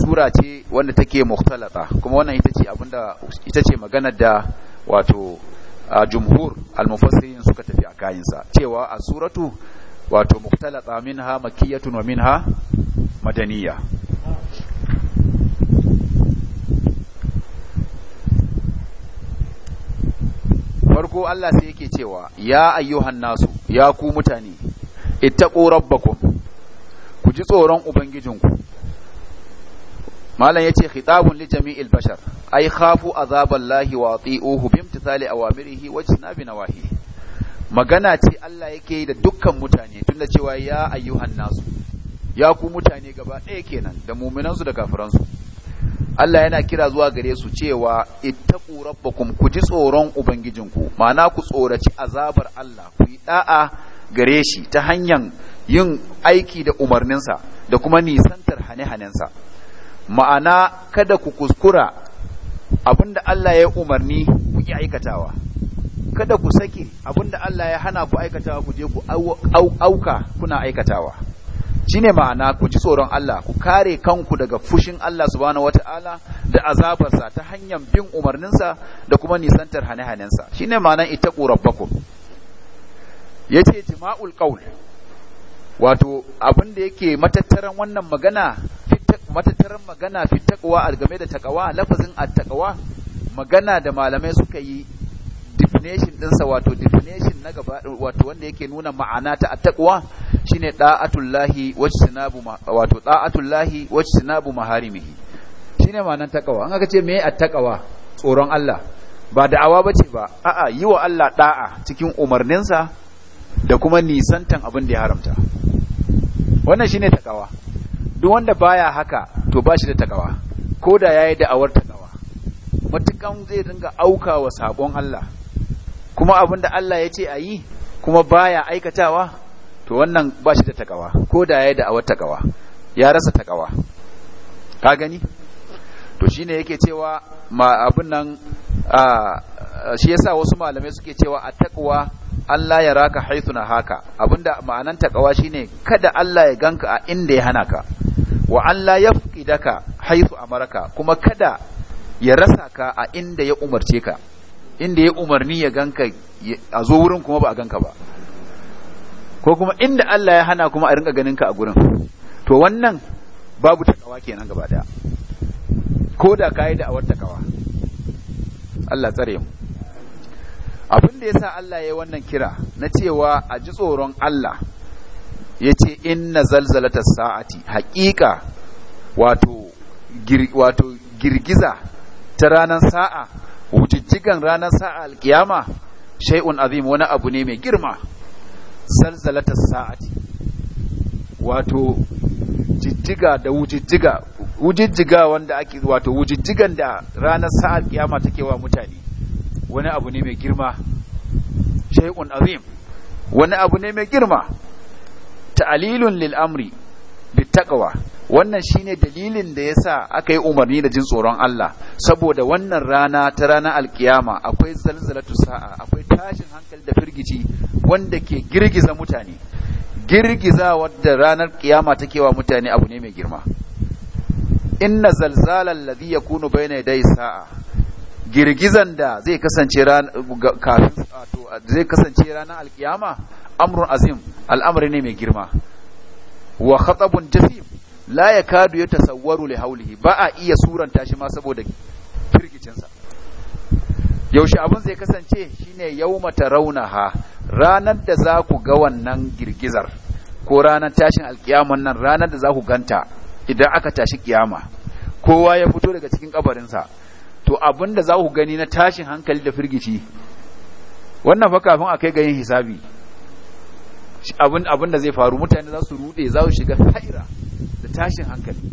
sura ce wanda take mukhtalata kuma wannan ita ce abinda ita ce maganar da wato a jumhur almufassirin suka tafi a kayansa cewa a suratu wato muktalata minha makiyatun wa minha madaniya farko Allah sai yake cewa ya ayyuhan nasu ya ku mutane ittaqu rabbakum ku ji tsoron ubangijinku malam yace khitabun li jami'il bashar ay khafu azaballahi wa ati'uhu imtithali awamirihi wa jinabi nawahi magana ce Allah yake yi da dukkan mutane tunda cewa ya ayyuhan nasu ya ku mutane gaba ɗaya kenan da muminansu da su Allah yana kira zuwa gare su cewa ittaqu rabbakum ku ji tsoron ubangijinku ma'ana ku tsoraci azabar Allah ku yi da'a gare shi ta hanyar yin aiki da umarninsa da kuma nisantar hane-hanensa ma'ana kada ku kuskura abinda Allah ya umarni ku yi aikatawa kada ku sake abinda Allah ya hana ku aikatawa ku je ku auka kuna aikatawa shine ma'ana ku ji tsoron Allah ku kare kanku daga fushin Allah subhanahu wataala da azabarsa ta hanyar bin umarninsa da kuma nisantar hane-hanensa shine ma'ana ita rabbakum yace jima'ul qaul wato abinda da yake matattaran wannan magana Matattar magana fi taqwa al game da taqwa lafazin at taqwa magana da malamai suka yi definition ɗinsa wato definition na gaba wato wanda yake nuna ma'ana ta attaqwa shine da'atullahi wajtinabu wato da'atullahi wajtinabu maharimihi shine ma'anar taqwa an aka ce me attaqwa tsoron Allah ba da'awa bace ba a'a yi wa Allah da'a cikin umarninsa da kuma nisantan abin da ya haramta wannan shine taqwa duk wanda baya haka to ba shi da takawa ko da yayi da'awar takawa matukan zai dinga auka wa sabon Allah kuma abinda Allah ya ce a yi kuma baya aikatawa to wannan ba shi da takawa ko da yayi da'awar takawa ya rasa takawa ka gani to shine yake cewa ma abin nan shi yasa wasu malamai suke cewa a takwa Allah ya raka haithuna haka abinda ma'anan takawa shine kada Allah ya ganka a inda ya hana ka wa Allah ya daka haifu maraka kuma kada ya rasa ka a inda ya umarce ka inda ya umarni ya ganka a zo wurin kuma ba a ganka ba ko kuma inda Allah ya hana kuma a rinka ganin ka a gurin to wannan babu takawa kenan gaba daya ko da yi da awar takawa Allah tsare mu abin da yasa Allah ya yi wannan kira na cewa a ji tsoron Allah ya ce inna zalzalata sa'ati haƙiƙa wato wato girgiza ta ranar sa'a wujijjigan ranar sa'a alkiyama shai’un azim wani abu ne mai girma zalzalata sa'ati wato jijjiga da wujijjiga wujijjiga wanda ake wato wujijjigan da ranar sa'ar kiyama take wa mutane wani abu ne mai girma shai’un azim wani abu ne mai girma ta'alilun lil amri taqwa wannan shine dalilin da yasa aka yi umarni da jin tsoron Allah saboda wannan rana ta ranar alkiyama akwai zalzalatu sa'a akwai tashin hankali da firgici wanda ke girgiza mutane girgizawar da ranar kiyama take wa mutane abu ne mai girma inna zalzalar ladhi yakunu bayna yaday sa'a girgizan da zai kasance kafin zai kasance ranar alkiyama amrun azim al'amari ne mai girma wa khatabun jasim la ya ya yatasawwaru le haulihi ba a iya suranta shi ma saboda firgicinsa yaushe abin zai kasance shine rauna ha ranar da za ku ga wannan girgizar ko ranar tashin alkiyaman nan ranar da za ku ganta idan aka tashi kiyama kowa ya fito daga cikin kabarinsa to abin da za ku gani na tashin hankali da firgici wannan fa kafin a kai ga yin hisabi abin abin da zai faru mutane za su rude za su shiga haira da tashin hankali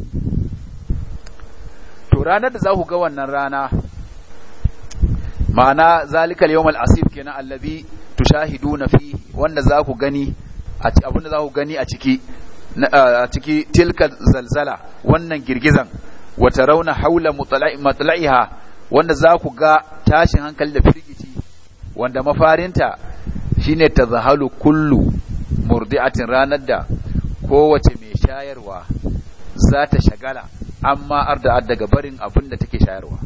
to ranar da za ku ga wannan rana ma'ana zalikal yawmal asif kenan allazi tushahiduna fi wanda za ku gani a abin da za ku gani a ciki a ciki tilka zalzala wannan girgizan wata rauna haula matla'iha wanda za ku ga tashin hankali da firgici wanda mafarinta shine tazahalu kullu murdi'atin ranar da kowace mai shayarwa za ta shagala amma arda daga barin abin da take shayarwa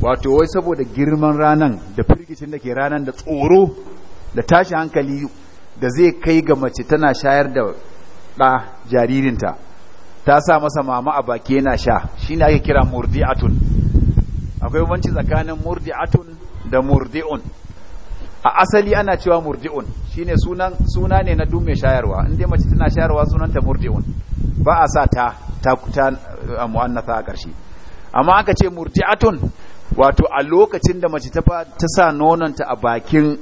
wato wai saboda girman ranan da firgicin da ke ranan da tsoro da tashi hankali da zai kai ga mace tana shayar da ɗa jaririnta ta sa masa mama a baki yana sha shi ne ake kira murdi'atun akwai wanci tsakanin murdi'atun da murdi'un a asali ana cewa murdi'un shine sunan suna ne na duk mai shayarwa in dai mace tana shayarwa sunanta murdi'un ba a sa ta ta ta muannatha a ƙarshe amma aka ce murdi'atun wato a lokacin da mace ta ta sa nononta a bakin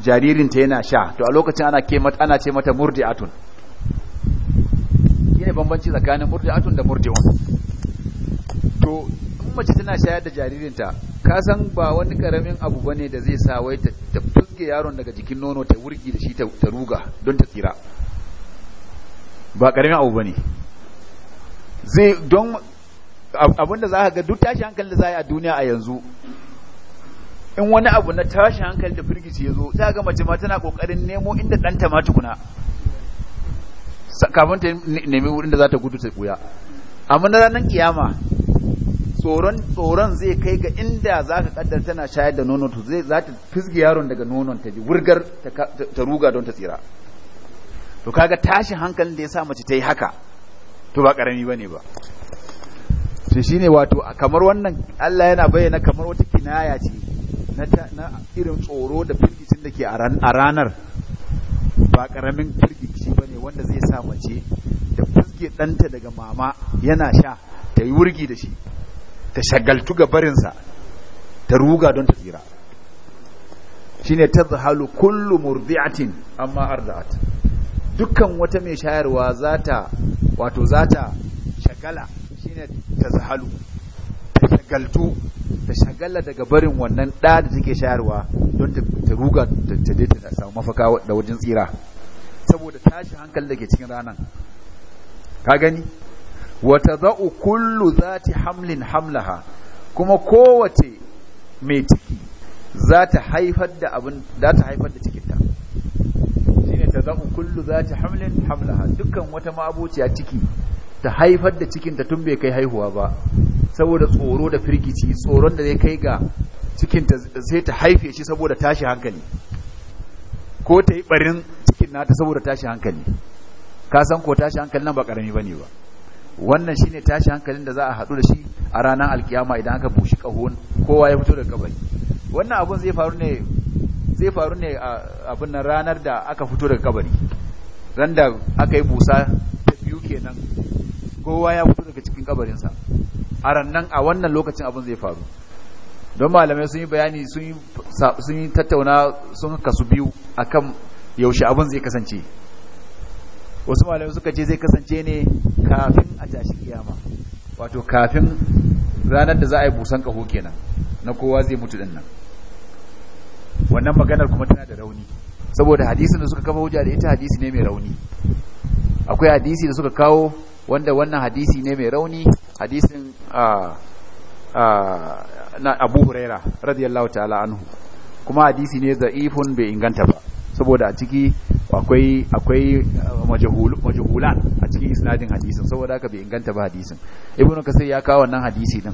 jaririnta yana sha to a lokacin ana ke mata ana ce mata murdi'atun shine bambanci tsakanin murdi'atun da murdi'un to in mace tana shayar da jaririnta ka san ba wani karamin abu bane da zai sa wai ta ɗauke yaron daga jikin nono ta wurgi da shi ta ruga don ta tsira ba ƙaramin abu ba ne zai don abinda za ka ga duk tashi hankali da za a yi a duniya a yanzu in wani abu na tashi hankali da firgici ya zo za ga mace ma tana ƙoƙarin nemo inda ɗanta ma tukuna kafin ta nemi wurin da za ta gudu ta buya. amma na ranar kiyama tsoron tsoron zai kai ga inda za ka kaddar tana shayar da nono to zai za ta yaron daga nonon ta ji wurgar ta ruga don ta tsira to kaga tashi hankalin da ya sa mace ta yi haka to ba karami ba ba to shine wato kamar wannan Allah yana bayyana kamar wata kinaya ce na irin tsoro da firgicin da ke a ranar ba karamin firgici ba ne wanda zai sa mace da fuske ɗanta daga mama yana sha ta yi wurgi da shi ta shagaltu ga barinsa ta ruga don ta tsira Shi ta zahalu kullu murdi'atin amma arda'at dukkan wata mai shayarwa ta wato ta shagala shi ne ta zahalu ta shagaltu ta shagala daga barin wannan ɗa da take shayarwa don ta ruga ta je ta samu mafaka da wajen tsira saboda tashi hankali da ke cikin ranar ka gani wata za'u kullu zati hamlin hamlaha kuma kowace mai ciki za ta haifar da abin za ta haifar da cikinta ne ta za'u kullu zati hamlin hamlaha dukkan wata ma'abuciya ciki ta haifar da cikinta tun bai kai haihuwa ba saboda tsoro da firgici tsoron da zai kai ga cikinta sai ta haife shi saboda tashi hankali ko ta yi barin cikin nata saboda tashi hankali ka san ko tashi hankali nan ba karami bane ba wannan shine tashi hankalin da za a haɗu da shi a ranar alkiyama idan aka bushi ƙahon kowa ya fito da kabari wannan abun zai faru ne zai abin ranar da aka fito daga kabari ran da aka yi busa ta biyu kenan kowa ya fito daga cikin kabarinsa a rannan a wannan lokacin abin zai faru don malamai sun yi bayani sun yi tattauna sun kasu biyu akan yaushe abin zai kasance wasu malamai suka ce zai kasance ne kafin a tashi kiyama wato kafin ranar da za a yi busan kaho kenan na kowa zai mutu din nan wannan maganar kuma tana da rauni saboda hadisin da suka kafa hujja da ita hadisi ne mai rauni akwai hadisi da suka kawo wanda wannan hadisi ne mai rauni hadisin na abu huraira radiyallahu ta'ala anhu kuma hadisi ne za'ifun bai inganta ba saboda a ciki akwai akwai uh, majahulan a cikin isnadin hadisin saboda haka bai inganta ba hadisin ibn kasir ya kawo wannan hadisi din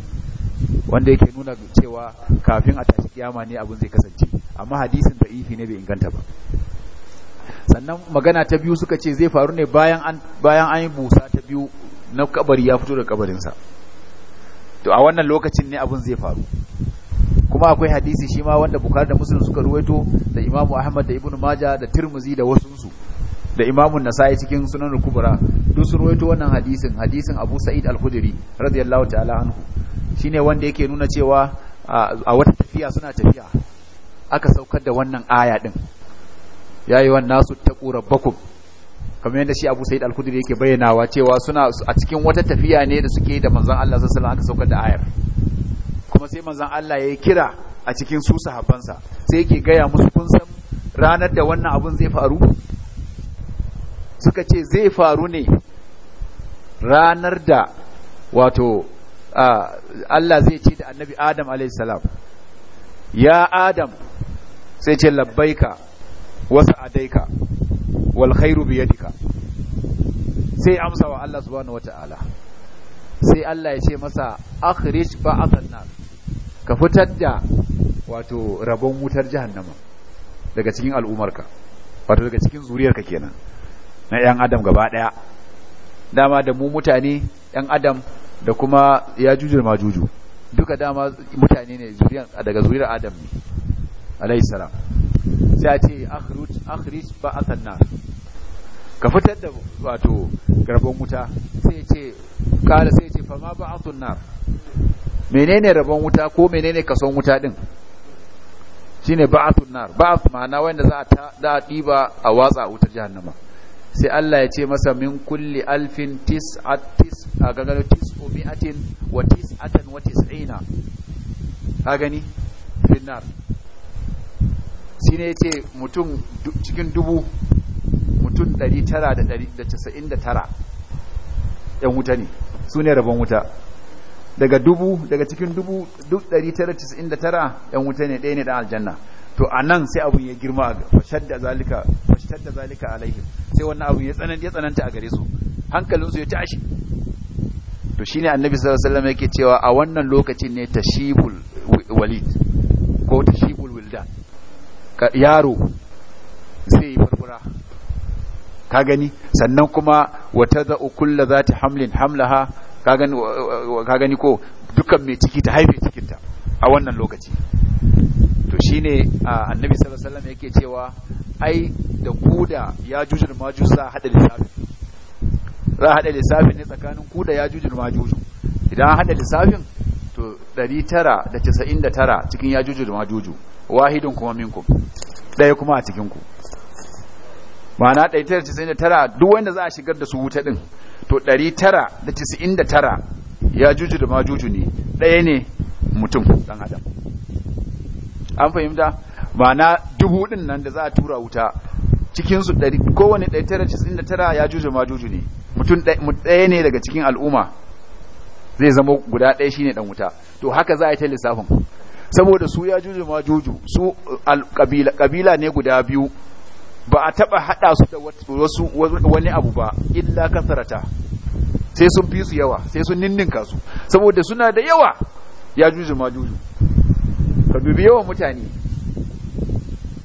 wanda yake nuna cewa kafin a tashi kiyama ne abin zai kasance amma hadisin da ifi ne bai inganta ba sannan magana ta biyu suka ce zai faru ne bayan an bayan an yi busa ta biyu na kabari ya fito da sa to a wannan lokacin ne abin zai faru kuma akwai hadisi shi ma wanda bukari da muslim suka ruwaito da imamu ahmad da ibn maja da tirmizi da wasunsu da imamun nasa'i cikin sunan kubra duk sun ruwaito wannan hadisin hadisin abu sa'id al-khudri radiyallahu ta'ala anhu shine wanda yake nuna cewa a wata tafiya suna tafiya aka saukar da wannan aya din yayi wan nasu taqu rabbakum kamar yadda shi Abu Sa'id al-Khudri yake bayyanawa cewa suna a cikin wata tafiya ne da suke da manzon Allah sallallahu alaihi wasallam aka saukar da ayar kuma sai manzan Allah ya yi kira a cikin su sahabbansa sai yake gaya musu kun san ranar da wannan abun zai faru suka ce zai faru ne ranar da wato Allah zai ce da annabi Adam alaihissalam ya Adam sai ce labbaika wasu adaika wal khairu biyadika sai amsa wa Allah subhanahu wata'ala sai Allah ya ce masa akhrij ba'athan nas ka fitar da wato rabon wutar jahannama daga cikin al'umarka wato daga cikin zuriyarka kenan na yan adam gaba daya dama da mu mutane yan adam da kuma ya jujur ma juju duka dama mutane ne zuriyar daga zuriyar adam ne alayhi salam sai a ce akhrij akhrij ba'athan nar ka fitar da wato garbon wuta sai ce kala sai ce fama ba'athun nar menene rabon wuta ko menene kason wuta din shine ba'athun nar ba'ath ma'ana wanda za ta da a diba a watsa wutar jahannama sai Allah ya ce masa min kulli alfin tis tis a tis tis'u mi'atin wa tis atan wa tis'ina ka gani finnar shine yace mutum cikin dubu mutum 999 'yan wuta ne su ne rabon wuta daga dubu daga cikin dubu duk ɗari tara da tara ɗan wuta ne ɗaya ne ɗan aljanna to a nan sai abun ya girma a fashar da zalika da zalika alaihim sai wannan abun ya tsananta ya tsananta a gare su hankalin su ya tashi to shine annabi sallallahu alaihi wasallam yake cewa a wannan lokacin ne tashibul walid ko tashibul wildan yaro zai yi furfura ka gani sannan kuma wata za'u kulla zati hamlin hamlaha ka gani ko dukkan mai ciki ta haife cikinta a wannan lokaci to shi ne annabi sallallahu alaihi wasallam yake cewa ai da kuda ya jujul majus haɗa hada lissafi za hada lissafi ne tsakanin kuda ya jujul majus idan hada lissafin to 999 cikin ya jujul majuju wahidun kuma minku daya kuma a cikinku ma'ana 999 duk wanda za a shigar da su wuta din to 999 ya juju da majuju ne ɗaya ne mutum ɗan adam an fahimta ma'ana dubu ɗin nan da za a tura wuta cikinsu kowane 999 ya juju majuju ne mutum ɗaya ne daga cikin al'umma zai zama guda ɗaya shi ne ɗan wuta to haka za a yi ta lissafin saboda su ya juju majuju su ƙabila ne guda biyu ba a taba hada su da wasu wani abu ba illa kasarata sai sun fi su yawa sai sun ninninka su saboda suna da yawa ya juju ma juju ka dubi yawan mutane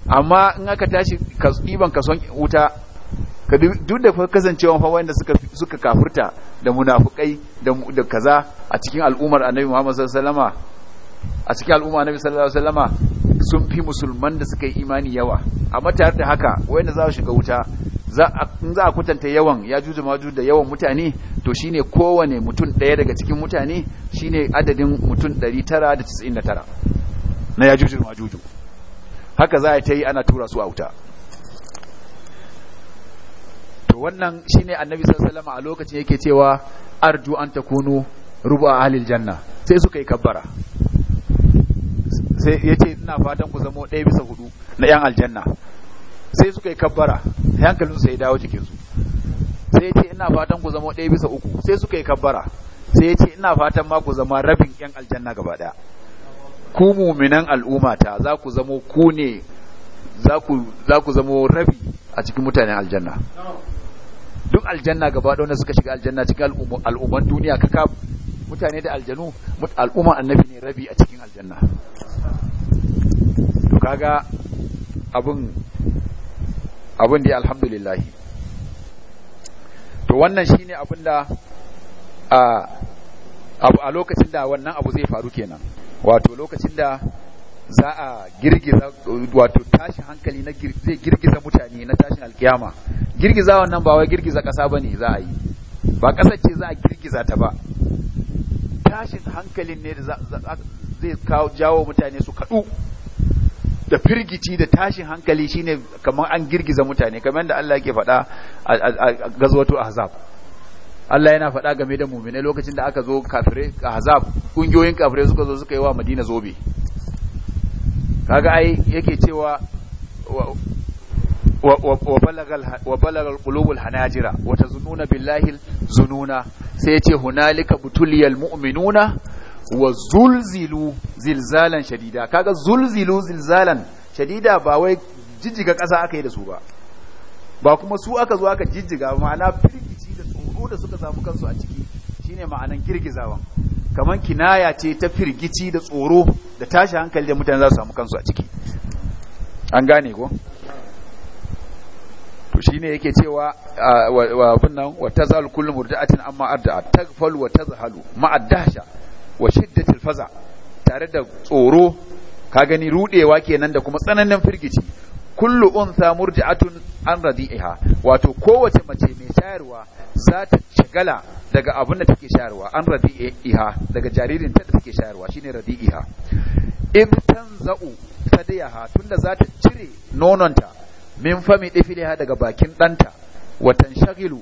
amma in aka tashi ɗiban kason wuta duk da kasancewa fa wanda suka kafurta da munafukai da kaza a cikin al'ummar annabi Muhammad sallallahu alaihi wasallama a cikin al'ummar annabi sallallahu alaihi wasallama sun fi musulman da suka yi imani yawa a tare da haka wanda za su shiga wuta in za a kutanta yawan ya juju maju da yawan mutane to shine kowane mutum ɗaya daga cikin mutane shine adadin mutum 999 na ya juju haka za a ta yi ana tura su a wuta to wannan shi ne annabi sassalama a lokacin yake cewa arju an takunu rubu halin janna sai suka yi kabbara sai ya ce ina fatan ku zamo ɗaya bisa hudu na yan aljanna sai suka yi kabbara hankalin sai ya dawo jikinsu sai ya ce ina fatan ku zamo ɗaya bisa uku sai suka yi kabbara sai ya ce ina fatan ma ku zama rabin yan aljanna gaba ɗaya ku muminan ta za ku zamo ku ne za ku zamo rabi a cikin mutanen aljanna duk aljanna gaba ɗaya suka shiga aljanna cikin al'umman duniya kaka mutane da aljanu al'umma annabi ne rabi a cikin aljanna kaga abun abun da alhamdulillahi to wannan shine abun da a lokacin da wannan abu zai faru kenan wato lokacin da za a girgiza wato tashin hankali na zai girgiza mutane na tashin alkiyama girgiza wannan ba wai girgiza ƙasa bane za a yi ba ƙasar ce za a girgiza ta ba tashin hankalin ne da zai kawo jawo mutane su kaɗu da firgici da tashin hankali shine kamar an girgiza mutane kamar da Allah yake faɗa a gazwatu ahzab Allah yana faɗa game da mu'mine lokacin da aka zo kafire ahzab kungiyoyin kafire suka zo suka yi wa Madina zobe kaga ai yake cewa wa balagal qulubul hanajira wa tazununa billahi zununa sai yace hunalika butuliyal mu'minuna wa zulzilu zilzalan shadida kaga zulzilu zilzalan shadida ba wai jijjiga ƙasa aka yi da su ba ba kuma su aka zo aka jijjiga ma'ana firgici da tsoro da suka samu kansu a ciki shine ma'anan girgizawa kamar kinaya ce ta firgici da tsoro da tashi hankali da mutane za su samu kansu a ciki an gane ko to shine yake cewa wa abin nan wa tazal kullu murda'atin amma adda tagfal wa tazhalu ma'addahsha wa shiddatil faza tare da tsoro ka gani rudewa kenan da kuma tsananin firgici kullu untha murji'atun an radi'iha wato kowace mace mai shayarwa za ta shagala daga abin da take shayarwa an radi'iha daga jaririn ta take shayarwa shine radi'iha in tanza'u fadiyaha tunda za ta cire nononta min fami difiliha daga bakin danta watan tanshagilu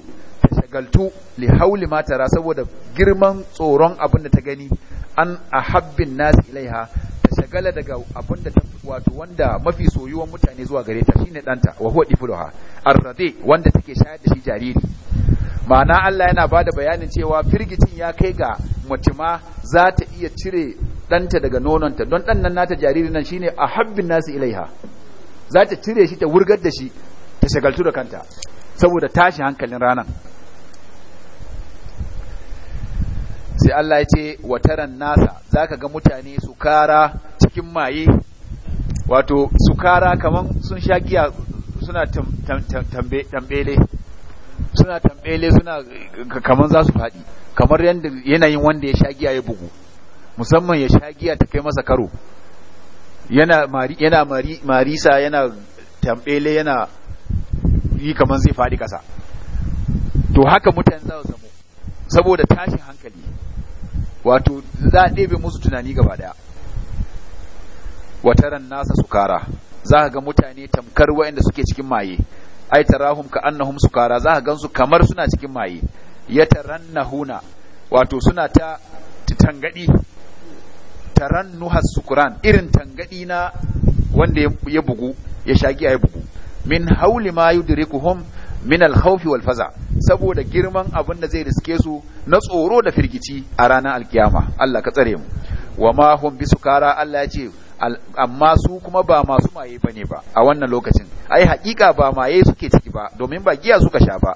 shagaltu li hauli matara saboda girman tsoron abin da ta gani an a habbin nasi ilaiha ta shagala daga abin da ta wato wanda mafi soyuwan mutane zuwa gare ta shine danta wa huwa difluha arzade wanda take shayar da shi jariri ma'ana Allah yana bada bayanin cewa firgicin ya kai ga mutuma za ta iya cire danta daga nononta don dan nan nata jariri nan shine habbin nasi ilaiha za ta cire shi ta wurgar da shi ta shagaltu da kanta saboda tashi hankalin ranan sai Allah ya ce wataran nasa zaka ga mutane su kara cikin maye wato su kara kaman sun sha giya suna tambele suna tambele suna kaman za su faɗi kamar yanayin wanda ya sha giya ya bugu musamman ya sha giya ta kai masa karo yana mari yana mari marisa yana tambele yana yi kaman zai faɗi kasa to haka mutane za su zamo saboda tashin hankali wato za a ɗebe musu tunani gaba ɗaya wataran nasa sukara za ka ga mutane tamkar waɗanda suke cikin maye ai tarahum ka annahum sukara za ka gansu kamar suna cikin maye ya tarannahuna wato suna ta tangadi tarannuhas sukuran irin tangadi na wanda ya bugu ya shagi ya bugu min hauli ma yudrikuhum min alhaufi wal faza saboda girman abin da zai riske su na tsoro da firgici a ranar alkiyama Allah ka tsare mu wa ma hum bisukara Allah ya ce amma su kuma ba masu maye bane ba a wannan lokacin ai hakika ba maye suke ciki ba domin ba giya suka sha ba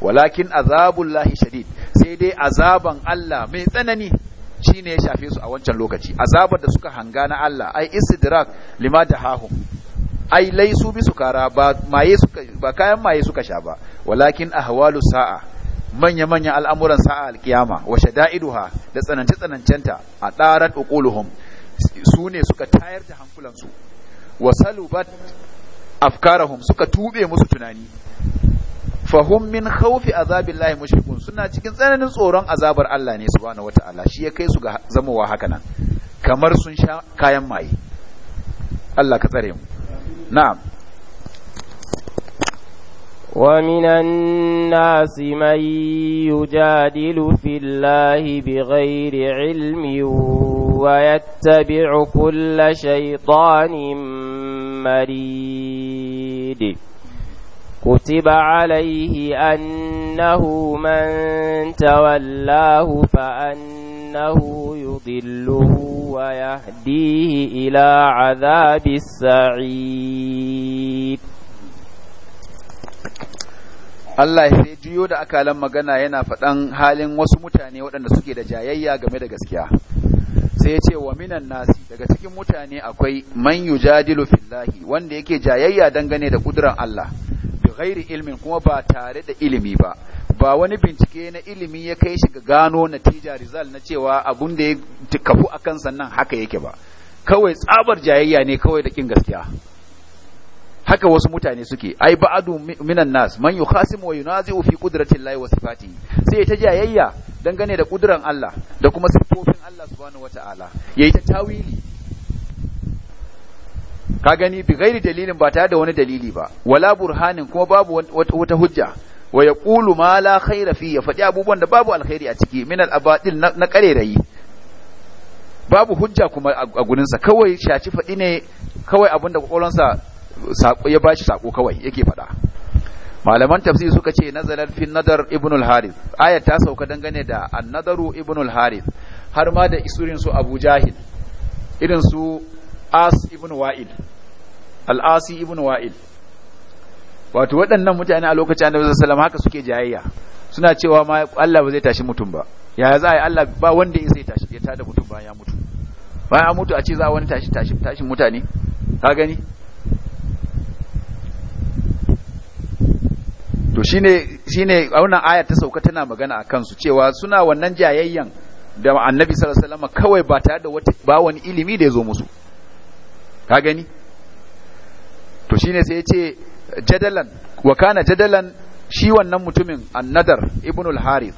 walakin lahi shadid sai dai azaban Allah mai tsanani shine ya shafe su a wancan lokaci azabar da suka hanga na Allah ai istidrak lima hahum ai laisu bi sukara ba maye ba kayan maye suka sha ba walakin ahwalu sa'a manya manya al'amuran sa'a alkiyama wa shada'iduha da tsananci tsanancenta a ɗarar uquluhum su ne suka tayar da hankulansu wa salubat afkarahum suka tube musu tunani fahum min khawfi azabillahi mushrikun suna cikin tsananin tsoron azabar Allah ne subhanahu wataala shi ya kai su ga zamowa haka nan kamar sun sha kayan maye Allah ka tsare mu نعم ومن الناس من يجادل في الله بغير علم ويتبع كل شيطان مريد كتب عليه أنه من تولاه فأن أنه يضله ويهديه إلى عذاب السعيد Allah sai juyo da akalan magana yana faɗan halin wasu mutane waɗanda suke da jayayya game da gaskiya sai ya ce wa minan nasi daga cikin mutane akwai man yujadilu fillahi wanda yake jayayya dangane da kudurar Allah bi ghairi ilmin kuma ba tare da ilimi ba ba wani bincike na ilimi ya kai shi ga gano natija Rizal na cewa abun da ya kafu a kan sannan haka yake ba kawai tsabar jayayya ne kawai da kin gaskiya haka wasu mutane suke ai ba'adu minan nas man yukhasimu wa yunazi'u fi qudratil lahi wa sai ta jayayya dangane da kuduran Allah da kuma sifofin Allah subhanahu wata'ala yayi ta tawili ka gani bi ghairi dalilin ba tare da wani dalili ba wala burhanin kuma babu wata hujja wa ya Kulu ma la khaira fi ya faɗi abubuwan da babu alkhairi a ciki min al na karerayi babu hujja kuma a gurinsa kawai shaci faɗi ne kawai abinda kwakwalonsa ya bashi saƙo kawai yake faɗa malaman tafsir suka ce nazarar fi nadar ibn al-harith ayat ta sauka dangane da annadaru nadaru ibn al-harith har ma da isurin su abu jahil irin su as ibn wa'il al-asi ibn wa'il wato waɗannan mutane a lokacin annabi sallallahu haka suke jayayya suna cewa ma Allah ba zai tashi mutum ba yaya za a yi Allah ba wanda ya tashi ya tada mutum bayan ya mutu bayan ya mutu a ce za wani tashi tashi tashin mutane ka gani to shine shine wannan aya ta sauka tana magana a kansu cewa suna wannan jayayyan da annabi sallallahu alaihi wasallam kawai ba tare da wata ba wani ilimi da ya zo musu ka gani to shine sai ya ce jadalan wa kana jadalan shi wannan mutumin annadar ibn al-harith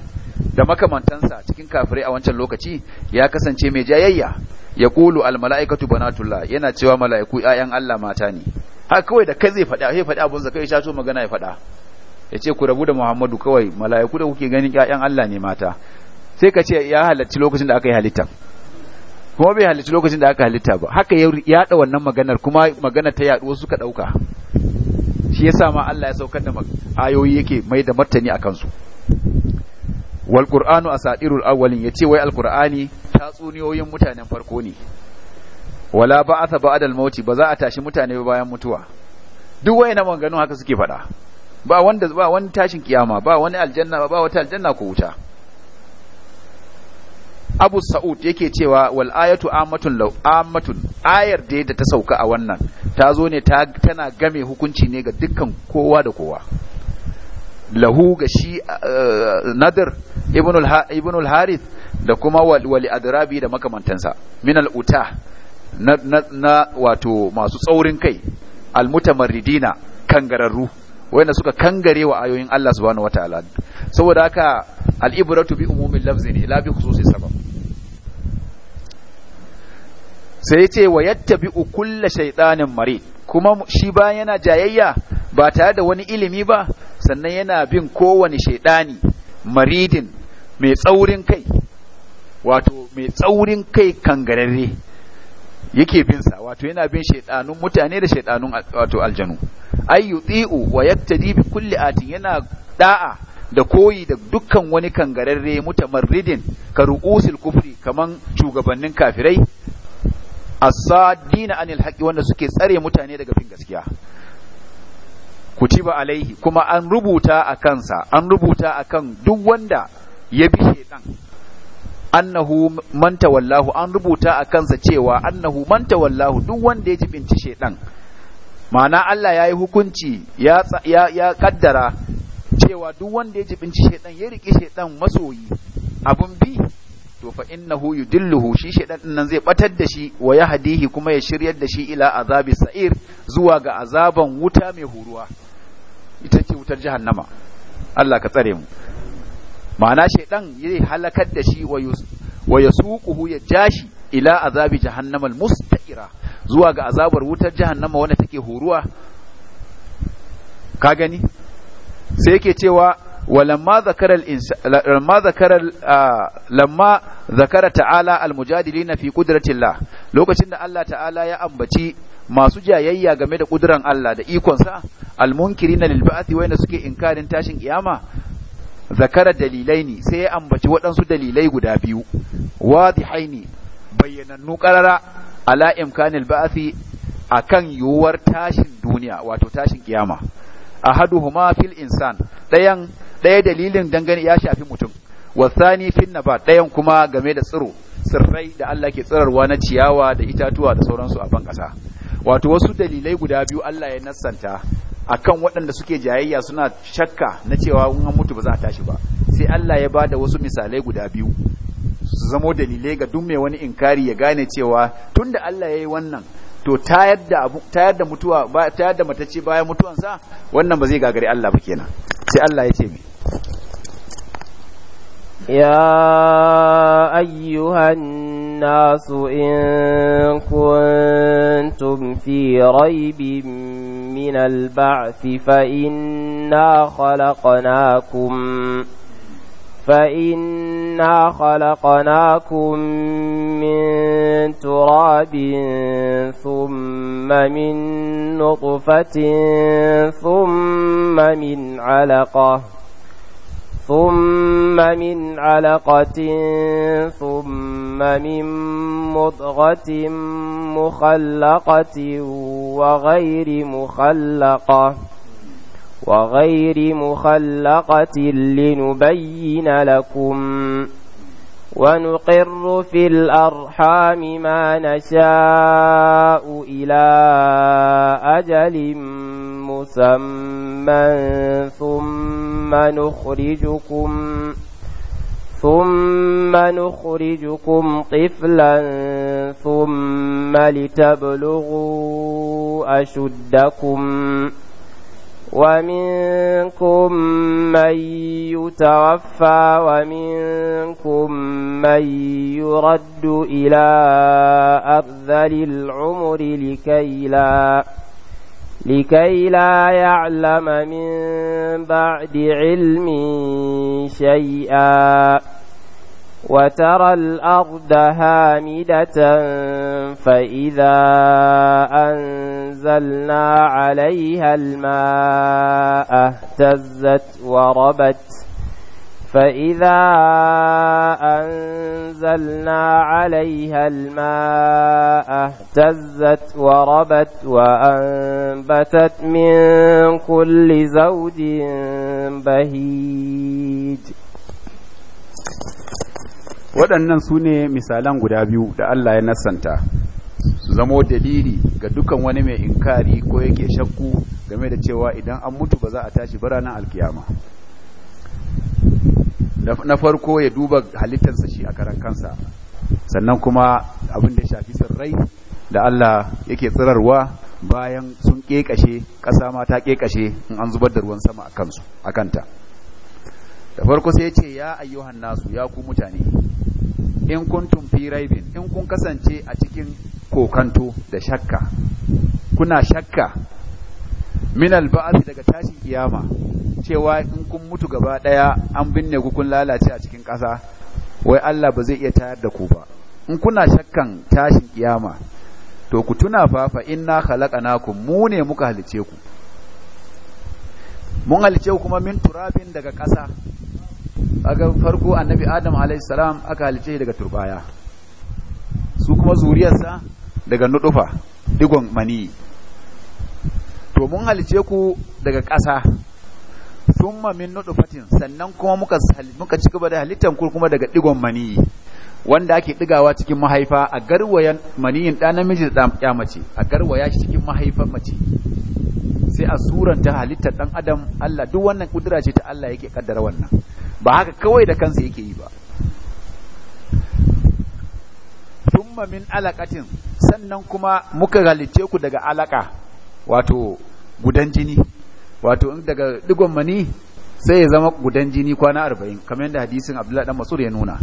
da makamantansa cikin kafirai a wancan lokaci ya kasance mai jayayya ya kulu al-mala'ikatu banatullah yana cewa mala'iku ƴaƴan Allah mata ne haka kawai da kai zai faɗa sai faɗa abun zakai shato magana ya faɗa yace ku rabu da Muhammadu kawai mala'iku da kuke ganin ƴaƴan Allah ne mata sai ka ce ya halarci lokacin da aka yi halitta kuma bai halarci lokacin da aka halitta ba haka ya yaɗa wannan maganar kuma maganar ta yaɗu suka ɗauka shi yasa ma Allah ya saukar da ayoyi yake mai da martani akan su wal qur'anu asatirul awwalin yace wai qur'ani tatsuniyoyin mutanen farko ne wala ba'atha ba'da al mauti ba za a tashi mutane bayan mutuwa duk na maganganu haka suke faɗa ba wanda ba wani tashin kiyama ba wani aljanna ba wata aljanna ko wuta abu sa'ud yake cewa wal ayatu amatun law amatun ayar da da ta sauka a wannan ta zo ne tana game hukunci ne ga dukkan kowa da kowa lahu ga shi eh, nadir ibn al harith da kuma wali adrabi da makamantansa min al uta na wato masu tsaurin kai al mutamarridina kangararru wanda suka kangare wa ayoyin Allah subhanahu wataala saboda haka al ibratu bi umumin lafzi ne la bi khususi sabab sai ce wa yattabi'u kulla shaytanin mari kuma shi ba yana jayayya ba tare da wani ilimi ba sannan yana bin kowane shaytani maridin mai tsaurin kai wato mai tsaurin kai kangararre yake bin sa wato yana bin shaytanun mutane da shaytanun wato aljanu ay yuti'u wa yaktadi bi kulli atin yana da'a da koyi da dukkan wani kangararre mutamarridin ka ru'usul kufri kaman shugabannin kafirai asadina anil haqi wanda suke tsare mutane daga fin gaskiya kutiba alaihi kuma an rubuta a kansa an rubuta akan duk wanda ya bi shaitan annahu man tawallahu an rubuta a kansa cewa annahu man tawallahu duk wanda ya jibinci shaitan ma'ana Allah ya yi hukunci ya, ya, kaddara cewa duk wanda ya jibinci shaitan ya rike shaiɗan masoyi abun bi to fa innahu yudilluhu shi shedan din nan zai batar da shi wa yahdihi kuma ya shiryar da shi ila azabi sa'ir zuwa ga azaban wuta mai huruwa ita ce wutar jahannama Allah ka tsare mu ma'ana shedan zai halakar da shi wa yasuquhu ya jashi ila azabi jahannamal musta'ira zuwa ga azabar wutar jahannama wanda take huruwa ka gani sai yake cewa Walama ذكر الإنس... لما ذكر ال... لما ذكر تعالى المجادلين في قدرة da Allah ta'ala ya ambaci masu jayayya game da kuduran Allah da ikon sa almunkirina lil ba'thi wayanda suke inkarin tashin kiyama zakara dalilaini sai ya ambaci waɗansu dalilai guda biyu wadihaini bayyanannu qarara ala imkanil ba'thi akan yiwuwar tashin duniya wato tashin kiyama ahaduhuma fil insan ɗayan ɗaya dalilin dangane ya shafi mutum wasani fil naba ɗayan kuma game da tsiro sirrai da Allah ke tsirarwa na ciyawa da itatuwa da sauransu a ban ƙasa wato wasu dalilai guda biyu Allah ya nassanta akan waɗanda suke jayayya suna shakka na cewa in an mutu ba za a tashi ba sai Allah ya ba da wasu misalai guda biyu su zamo dalilai ga duk mai wani inkari ya gane cewa tunda Allah ya yi wannan to ta yadda mutuwa ba yadda matacce bayan mutuwansa wannan ba zai gagari Allah ba kenan sai Allah ya ce mi Ya ayyuhan nasu in kuntum fi ريب min البعث fa خلقناكم فإنا فإنا خلقناكم من تراب ثم من نطفة ثم من علقة ثم من علقة ثم من مضغة مخلقة وغير مخلقة وغير مخلقة لنبين لكم ونقر في الأرحام ما نشاء إلى أجل مسمى ثم نخرجكم ثم نخرجكم طفلا ثم لتبلغوا أشدكم ومنكم من يتوفى ومنكم من يرد إلى أرذل العمر لكي لا لكي لا يعلم من بعد علم شيئا وترى الأرض هامدة فإذا أنزلنا عليها الماء اهتزت وربت فإذا أنزلنا عليها الماء اهتزت وربت وأنبتت من كل زوج بهيج waɗannan su ne misalan guda biyu da Allah ya nasanta su zamo dalili ga dukan wani mai inkari ko yake shakku game da cewa idan an mutu ba za a tashi ba ranar alkiyama na farko ya duba halittarsa shi a karan kansa sannan kuma abin da shafi sirrai da Allah yake tsirarwa bayan sun kekashe ƙasa ma ta kekashe in an zubar da ruwan sama a kanta da farko sai ya ce ya ayyuhan nasu ya ku mutane in kun fi raibin in kun kasance a cikin kokanto da shakka kuna shakka min alba'ath daga tashin kiyama cewa in kun mutu gaba daya an binne ku kun lalace a cikin ƙasa wai Allah ba zai iya tayar da ku ba in kuna shakkan tashin kiyama to ku tuna fa fa inna khalaqnakum mu ne muka halice ku mun halice ku kuma min turabin daga ƙasa aga farko annabi adam alayhi salam aka halice daga turbaya su kuma zuriyarsa daga nudufa digon mani to mun halice ku daga ƙasa thumma min nudufatin sannan kuma muka muka ci gaba da halittan ku kuma daga digon mani wanda ake digawa cikin mahaifa a garwayan maniyin ɗan namiji da ya mace a garwaya shi cikin mahaifan mace sai a suranta halittar ɗan adam Allah duk wannan kudura ce ta Allah yake kaddara wannan ba haka kawai da kansa yake yi ba thumma min alaqatin sannan kuma muka galice ku daga alaka wato gudan jini wato in daga digon mani sai ya zama gudan jini kwana arba'in kamar yadda hadisin abdullahi dan masud ya nuna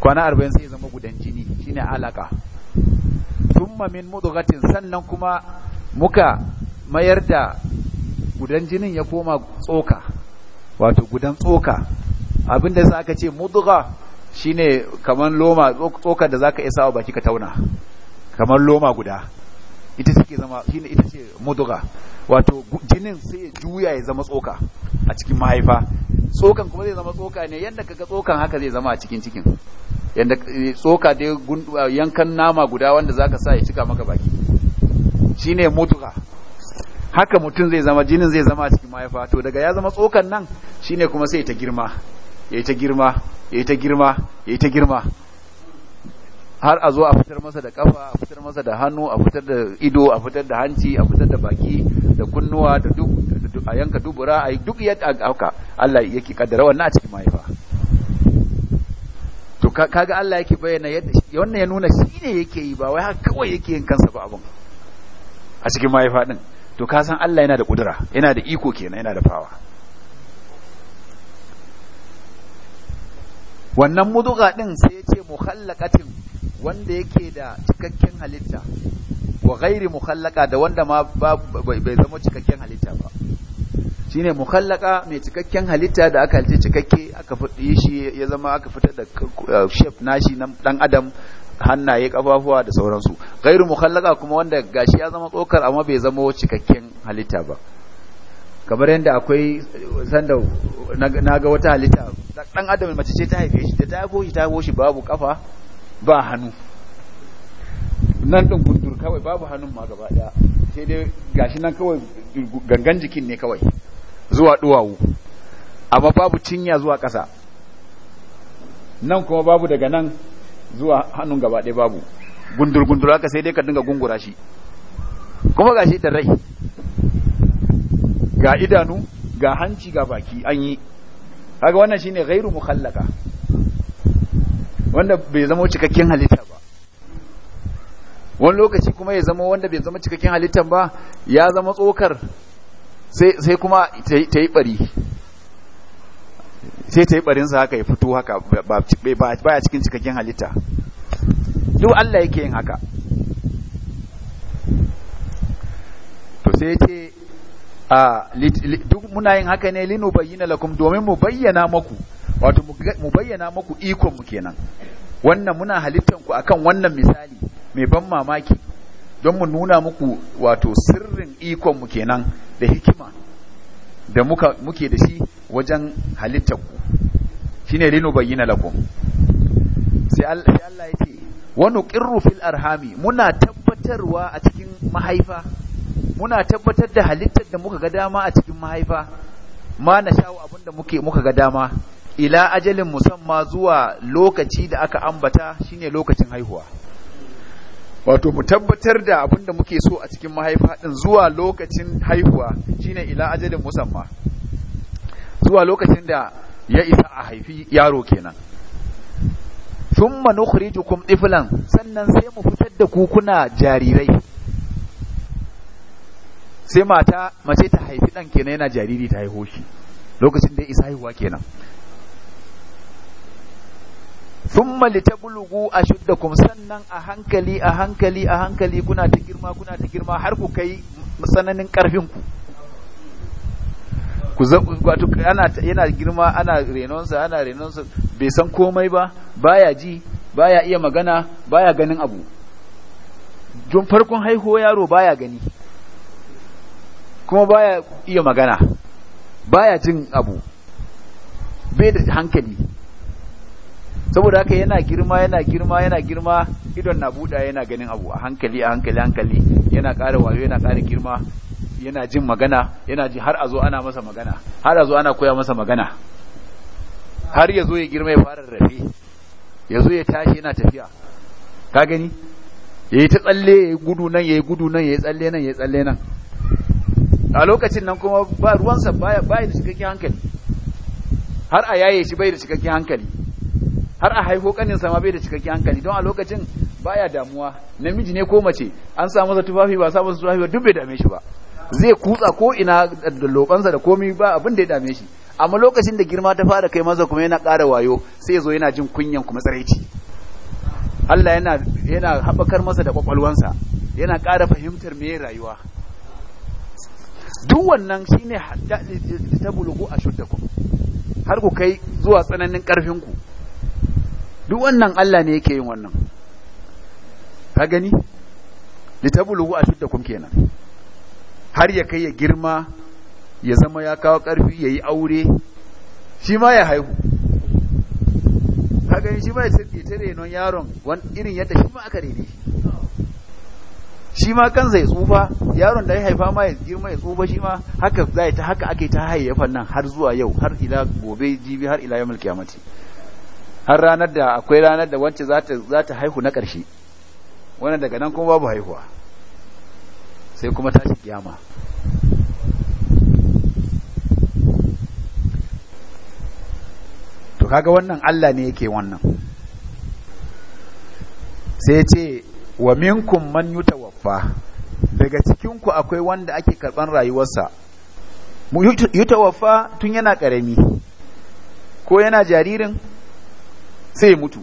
kwana arba'in sai ya zama gudan jini shine alaka thumma min mudghatin sannan kuma muka mayar da gudan jinin ya koma tsoka wato gudan tsoka abinda yasa aka ce mudugha shine kamar loma tsokar da zaka isa wa baki ka tauna kamar loma guda ita take zama shine ita ce mudugha wato jinin sai ya juya ya zama tsoka a cikin mahaifa tsokan kuma zai zama tsoka ne yadda kaga tsokan haka zai zama a cikin cikin yadda eh, tsoka dai yankan nama guda wanda zaka sa ya cika maka baki shine mudugha haka mutum zai zama jinin zai zama a cikin mahaifa to daga ya zama tsokan nan shine kuma sai ta girma yayi ta girma yayi ta girma yayi ta girma har a zo a fitar masa da kafa a fitar masa da hannu a fitar da ido a fitar da hanci a fitar da baki da kunnuwa da duk a yanka dubura a yi duk yadda aka Allah yake kaddara wannan a cikin mahaifa to kaga Allah yake bayyana yadda wannan ya nuna shine yake yi ba wai haka kawai yake yin kansa ba abun a cikin mahaifa din to ka san Allah yana da kudura yana da iko kenan yana da fawa wannan muduga ɗin sai ya ce mukhallaqatin wanda yake da cikakken halitta wa ghairi mukhallaka da wanda ma bai zama cikakken halitta ba shine muhallaka mai cikakken halitta da aka halitta cikakke aka fadi shi ya zama aka fitar da uh, shape nashi nan dan adam hannaye kafafuwa da sauransu gairu mukhallaka kuma wanda gashi ya zama tsokar amma bai zama cikakken halitta ba kamar yadda akwai sanda na ga wata halitta dan adam mace ce ta haife shi da ta haifo ta goshi babu kafa ba hannu nan din gundur kawai babu hannun ma gaba daya sai dai gashi nan kawai gangan jikin ne kawai zuwa duwawu amma babu cinya zuwa ƙasa nan kuma babu daga nan zuwa hannun gaba ɗaya babu gundur gundur haka sai dai ka dinga gungura shi kuma ga shi da rai ga idanu ga hanci ga baki an yi haka wannan shi ne gairu muhallaka. wanda bai zama cikakken halitta ba wani lokaci kuma ya zama wanda bai zama cikakken halittan ba ya zama tsokar sai kuma ta yi bari sai ta yi barinsa haka ya fito haka ba baya cikin cikakken halitta duk Allah yake yin haka to sai ce a duk muna yin haka ne linu bayyana lakum domin mu bayyana maku wato mu bayyana maku ikon mu kenan wannan muna halittan ku akan wannan misali mai ban mamaki don mu nuna muku wato sirrin ikon mu kenan da hikima da muka muke da shi wajen halittar ku shine lino bayyana lakum sai Allah ya ce wa nuqirru fil arhami muna tabbatarwa a cikin mahaifa muna tabbatar da halittar da muka ga dama a cikin mahaifa ma na shawo abinda muke muka ga dama ila ajalin musamman zuwa lokaci da aka ambata shine lokacin haihuwa wato mu tabbatar da abin da muke so a cikin mahaifa din zuwa lokacin haihuwa shine ila ajalin musamma zuwa lokacin da ya isa a haifi yaro kenan thumma nukhrijukum ɗifilan sannan sai mu fitar da kukuna jarirai sai mata mace ta haifi ɗan kenan yana jariri ta haihoshi lokacin da ya isa haihuwa kenan thumma litablugu ashuddakum sannan a hankali a hankali a hankali kuna ta girma kuna ta girma har ku kai tsananin karfin ku ku wato ana yana girma ana renonsa ana renonsa bai san komai ba baya ji baya iya magana baya ganin abu don farkon haihuwa yaro baya gani kuma baya iya magana baya jin abu bai da hankali saboda haka yana girma yana girma yana girma idon na buɗa yana ganin abu a hankali a hankali hankali yana ƙara wayo yana ƙara girma yana jin magana yana ji har a zo ana masa magana har a zo ana koya masa magana har ya zo ya girma ya fara rafe ya zo ya tashi yana tafiya ka gani ya yi ta tsalle ya yi gudu nan ya yi gudu nan ya yi tsalle nan ya yi tsalle nan a lokacin nan kuma ba ruwansa baya da cikakken hankali har a yaye shi bai da cikakken hankali har a haifo kanin sama bai da cikakken hankali don a lokacin baya damuwa namiji ne ko mace an samu masa tufafi ba samu masa tufafi ba duk bai dame shi ba zai kutsa ko ina da lobansa da komi ba abin da ya dame shi amma lokacin da girma ta fara kai masa kuma yana ƙara wayo sai ya zo yana jin kunyan kuma tsaraici Allah yana yana haɓakar masa da sa yana ƙara fahimtar me rayuwa duk wannan shine hatta a shuddakum har ku kai zuwa tsananin ƙarfinku ku duk wannan Allah ne yake yin wannan ka gani litabulugu ashuddakum kenan har ya kai ya girma ya zama ya kawo ƙarfi ya yi aure shi ma ya haihu ka gani shi ma ya ta renon yaron irin yadda shi ma aka rene shi shi ma kansa ya tsufa yaron da ya haifa ma ya girma ya tsufa shi ma haka za ta haka ake ta hayayyafan nan har zuwa yau har ila gobe jibi har ila yau mulkiyamati har ranar da akwai ranar da wacce za ta haihu na ƙarshe wannan daga nan kuma babu haihuwa sai kuma tashi kiyama to kaga wannan Allah ne yake wannan sai ce wa minkum man yutawaffa daga cikinku akwai wanda ake karban rayuwarsa yutawaffa tun yana ƙarami ko yana jaririn sai ya mutu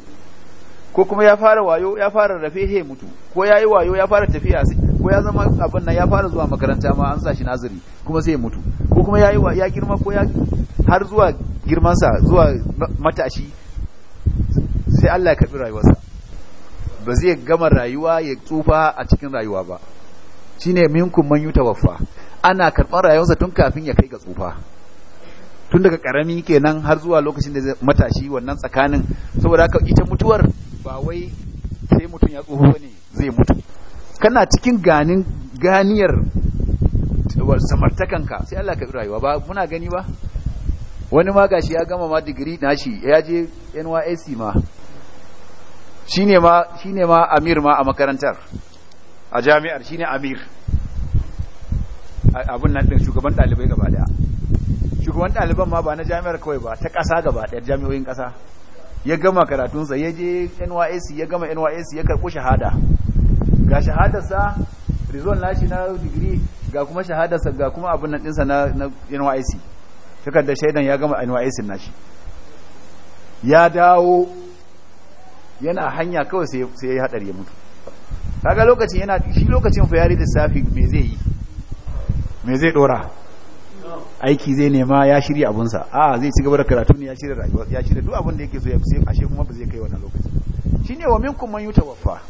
ko kuma ya fara wayo ya fara rafe sai ya mutu ko ya yi wayo ya fara tafiya ko ya zama abin nan ya fara zuwa makaranta ma an sa shi naziri kuma sai ya mutu ko kuma ya yi wa ya girma ko ya har zuwa girmansa zuwa matashi sai Allah ya karbi rayuwarsa ba zai gama rayuwa ya tsufa a cikin rayuwa ba shine minkum man yutawaffa ana karɓar rayuwarsa tun kafin ya kai ga tsufa tun daga karami kenan har zuwa lokacin da zai matashi wannan tsakanin saboda haka ita mutuwar ba wai sai mutum ya tsoho ne zai mutu kana cikin ganin ganiyar samartakanka sai Allah ka rayuwa ba muna gani ba wani ma gashi ya gama ma digiri nashi ya je NYSC ma shine ma shine ma Amir ma a makarantar a jami'ar shine Amir abun nan din shugaban dalibai gaba daya wani ɗaliban ma ba na jami'ar kawai ba ta ƙasa gaba ɗaya jami'oyin ƙasa ya gama karatunsa ya je nys ya gama nys ya karɓi shahada ga shahadarsa rizon nashi na digiri ga kuma shahadarsa ga kuma abin nan ɗinsa na NYSC takardar shaidan ya gama NYSC nashi ya dawo yana hanya kawai sai ya yi haɗari ya mutu kaga lokacin yana shi lokacin fayari da lissafi me zai yi me zai ɗora aiki zai nema ya shirya abunsa a zai ci gaba da karatu ne ya shirya rayuwa ya shirya duk abin da yake so ya sai ashe kuma ba zai kai wannan lokaci shine wa minkum man yutawaffa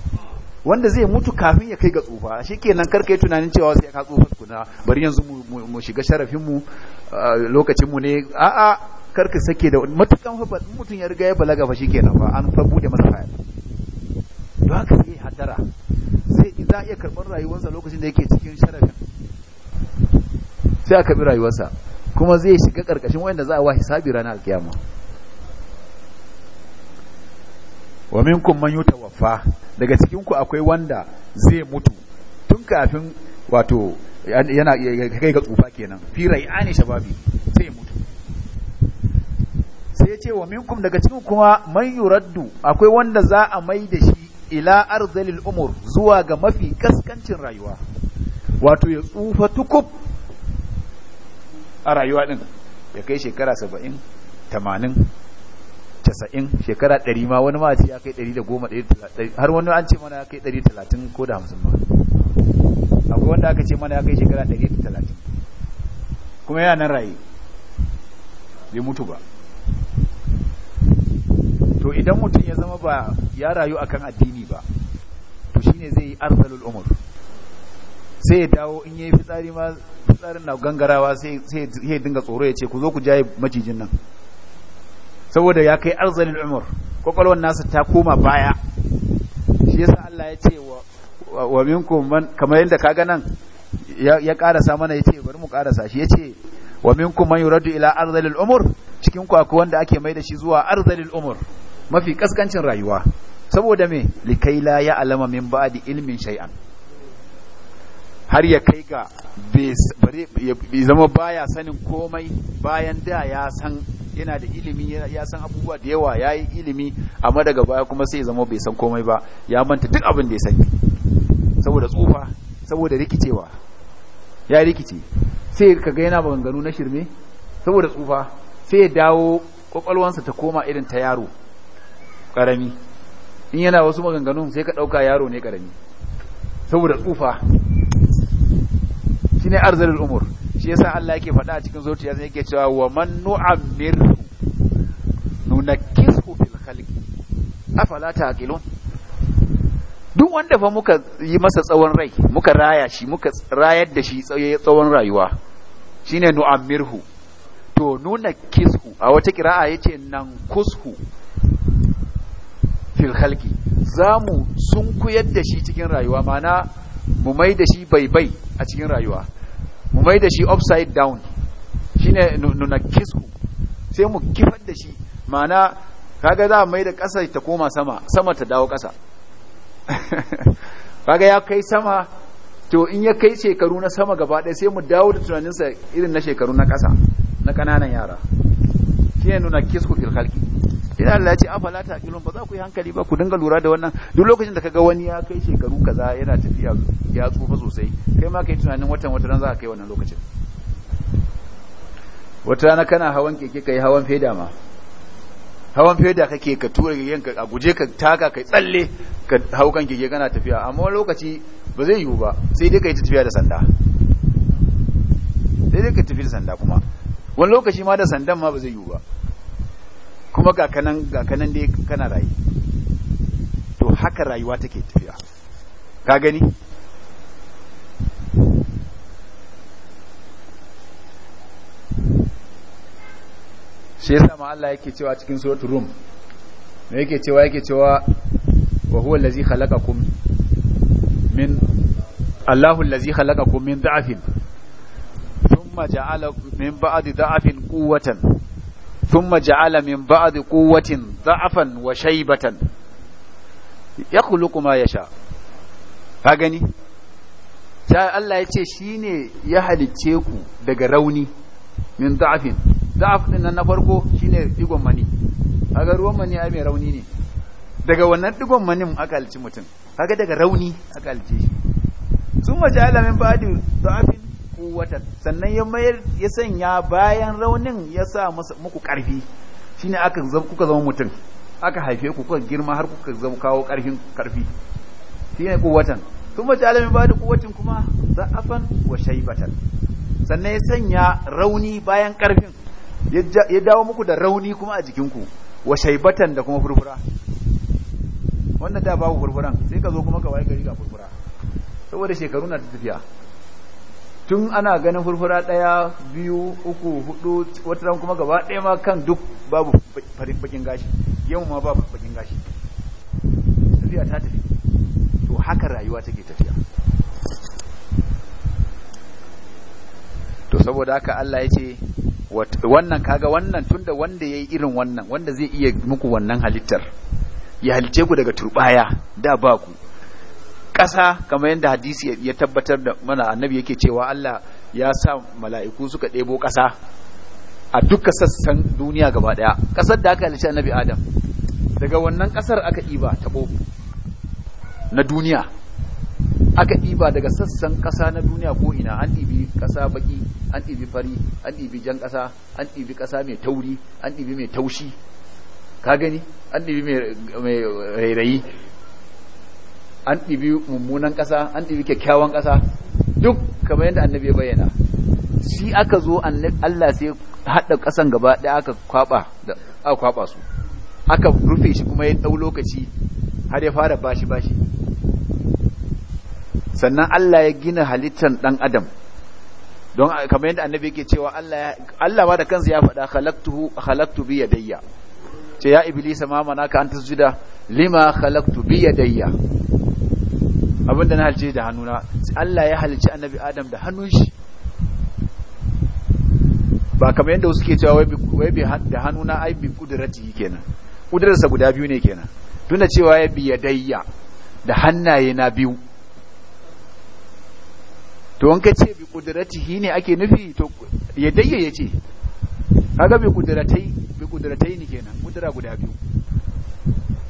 wanda zai mutu kafin ya kai ga tsufa kenan kar kai tunanin cewa sai ka tsufa tukuna bari yanzu mu shiga sharafin mu uh, lokacin mu ne a a kar ka sake da matukan fa mutun ya riga ya balaga fa shikenan fa an fa bude masa kaya don haka yi hadara zai za iya karɓar rayuwarsa lokacin da yake cikin sharafin sai aka bi rayuwarsa kuma zai shiga karkashin wanda za a wa hisabi ranar alkiyama wa minkum man yutawaffa daga cikin ku akwai wanda zai mutu tun kafin wato yana kai ga tsufa kenan fi rai'ani shababi zai mutu sai ya ce wa minkum daga cikin kuma man yuraddu akwai wanda za a mai da shi ila arzalil umur zuwa ga mafi kaskancin rayuwa wato ya tsufa tukub a rayuwa din ya kai shekara saba'in tamanin casa'in shekara ɗari ma wani ma ce ya kai ɗari da goma ɗari talatin har wani an ce mana ya kai ɗari talatin ko da hamsin ba akwai wanda aka ce mana ya kai shekara ɗari da talatin kuma yana nan raye bai mutu ba to idan mutum ya zama ba ya rayu akan addini ba to shine zai yi arzalul umur sai ya dawo in yi fitsari ma fitsarin na gangarawa sai ya dinga tsoro ya ce ku zo ku jaye macijin nan saboda ya kai arzalin umar kwakwalwar nasa ta koma baya shi yasa Allah ya ce wa minkum kamar yadda kaga nan ya karasa mana ce bari mu karasa shi ya ce wa minku man yuradu ila arzalil umur cikin ku akwai wanda ake mai da shi zuwa arzalil umur mafi kaskancin rayuwa saboda me likai la ya alama min ba'di ilmin shay'an har ya kai ga bai zama baya sanin komai bayan da ya san yana da ilimi ya san abubuwa da yawa ya yi ilimi amma daga baya kuma sai zama bai san komai ba ya manta duk abin da ya sani saboda tsufa saboda rikicewa ya rikice sai ka ga yana maganganu na shirme saboda tsufa sai ya dawo kwakwalwansa ta koma irin ta yaro karami in yana wasu maganganun sai ka ɗauka yaro ne karami saboda tsufa ne arzalin umur shi yasa Allah yake faɗa a cikin zuciya zai yake cewa wa man nu'ammirhu nunakkishu fil khalq afala taqilun duk wanda fa muka yi masa tsawon rai muka raya shi muka rayar da shi tsawon rayuwa shine nu'ammirhu to nuna kisku a wata kira'a yace nan kushu fil khalqi zamu sunkuyar da shi cikin rayuwa mana mu mai da shi baibai a cikin rayuwa mu mai da shi upside down shine nuna kisku sai mu kifar da shi mana kaga za a mai da ƙasa ta koma sama sama ta dawo ƙasa kaga ya kai sama to in ya kai shekaru na sama gaba ɗaya sai mu dawo da tunaninsa irin na shekaru na ƙasa na ƙananan yara shine nuna kisku fil sai Allah ya ce afala ta ba za ku yi hankali ba ku dinga lura da wannan duk lokacin da kaga wani ya kai shekaru kaza yana tafiya ya tsufa sosai kai ma kai tunanin watan wata ran za ka kai wannan lokacin wata rana kana hawan keke kai hawan feda ma hawan feda kake ka tura yanka a guje ka taka kai tsalle ka hau kan keke kana tafiya amma wani lokaci ba zai yiwu ba sai dai ka yi tafiya da sanda sai dai ka tafi da sanda kuma wani lokaci ma da sandan ma ba zai yiwu ba kuma ga kanan ga kanan dai kana rayi to haka rayuwa take tafiya ka gani shi yasa ma Allah yake cewa cikin suratul rum me yake cewa yake cewa wa huwa allazi khalaqakum min Allahu allazi khalaqakum min da'afin thumma ja'ala min ba'di da'afin quwwatan ثم جعل من بعد قوة ضعفا وشيبة يخلق ما يشاء فغني sai Allah ya ce shi ne ya halicce ku daga rauni min da'afin da'af din nan na farko shine digon mani kaga ruwan mani ai mai rauni ne daga wannan digon manin aka halicci mutum kaga daga rauni aka halicce shi sun maja'ala min ba'di da'afin quwwata sannan ya mayar ya sanya bayan raunin ya sa muku karfi shine aka kuka zama mutum aka haife ku kuka girma har kuka zama kawo karfin karfi shine quwwatan thumma ja'ala ba da quwwatin kuma za'afan wa shaybatan sannan ya sanya rauni bayan karfin ya dawo muku da rauni kuma a jikinku wa shaybatan da kuma furfura wannan da babu furfuran sai ka zo kuma ka waye gari ga furfura saboda shekaru na tafiya tun ana ganin furfura ɗaya biyu uku hudu wata ran kuma gaba ɗaya ma kan duk babu bakin gashi yau ma babu bakin gashi tafiya ta tafi to haka rayuwa take tafiya to saboda haka Allah ya ce wannan kaga wannan tunda wanda yayi irin wannan wanda zai iya muku wannan halittar ya halice ku daga turbaya da ba ku ƙasa kamar yadda hadisi ya tabbatar da mana annabi yake cewa Allah ya sa mala'iku suka ɗebo ƙasa a duka sassan duniya gaba ɗaya ƙasar da aka halice annabi adam daga wannan ƙasar aka ɗiba taɓo na duniya aka ɗiba daga sassan ƙasa na duniya ko ina an ɗibi ƙasa baƙi, an ɗibi fari an ɗibi jan ƙasa an ɗibi ƙasa mai tauri an ɗibi mai taushi ka gani an ɗibi mai rairayi an ɗibi mummunan ƙasa an ɗibi kyakkyawan ƙasa duk kamar yadda annabi ya bayyana shi aka zo Allah sai haɗa ƙasan gaba ɗaya aka kwaɓa da aka kwaɓa su aka rufe shi kuma ya ɗau lokaci har ya fara bashi bashi sannan Allah ya gina halittar dan adam don kamar yadda annabi yake cewa Allah Allah ma da kansa ya faɗa khalaqtuhu khalaqtu bi yadayya ce ya iblisa ma manaka an tasjuda lima khalaqtu bi yadayya abinda na halce da hannuna Allah ya halice annabi adam da hannun shi ba kamar yadda suke cewa wai bi da hannuna ai bi kudrati kenan kudrarsa guda biyu ne kenan tunda cewa ya bi yadayya da hannaye na biyu to an kace ce bi kudratihi ne ake nufi to yadayya yace kaga bi kudratai bi kudratai ne kenan kudura guda biyu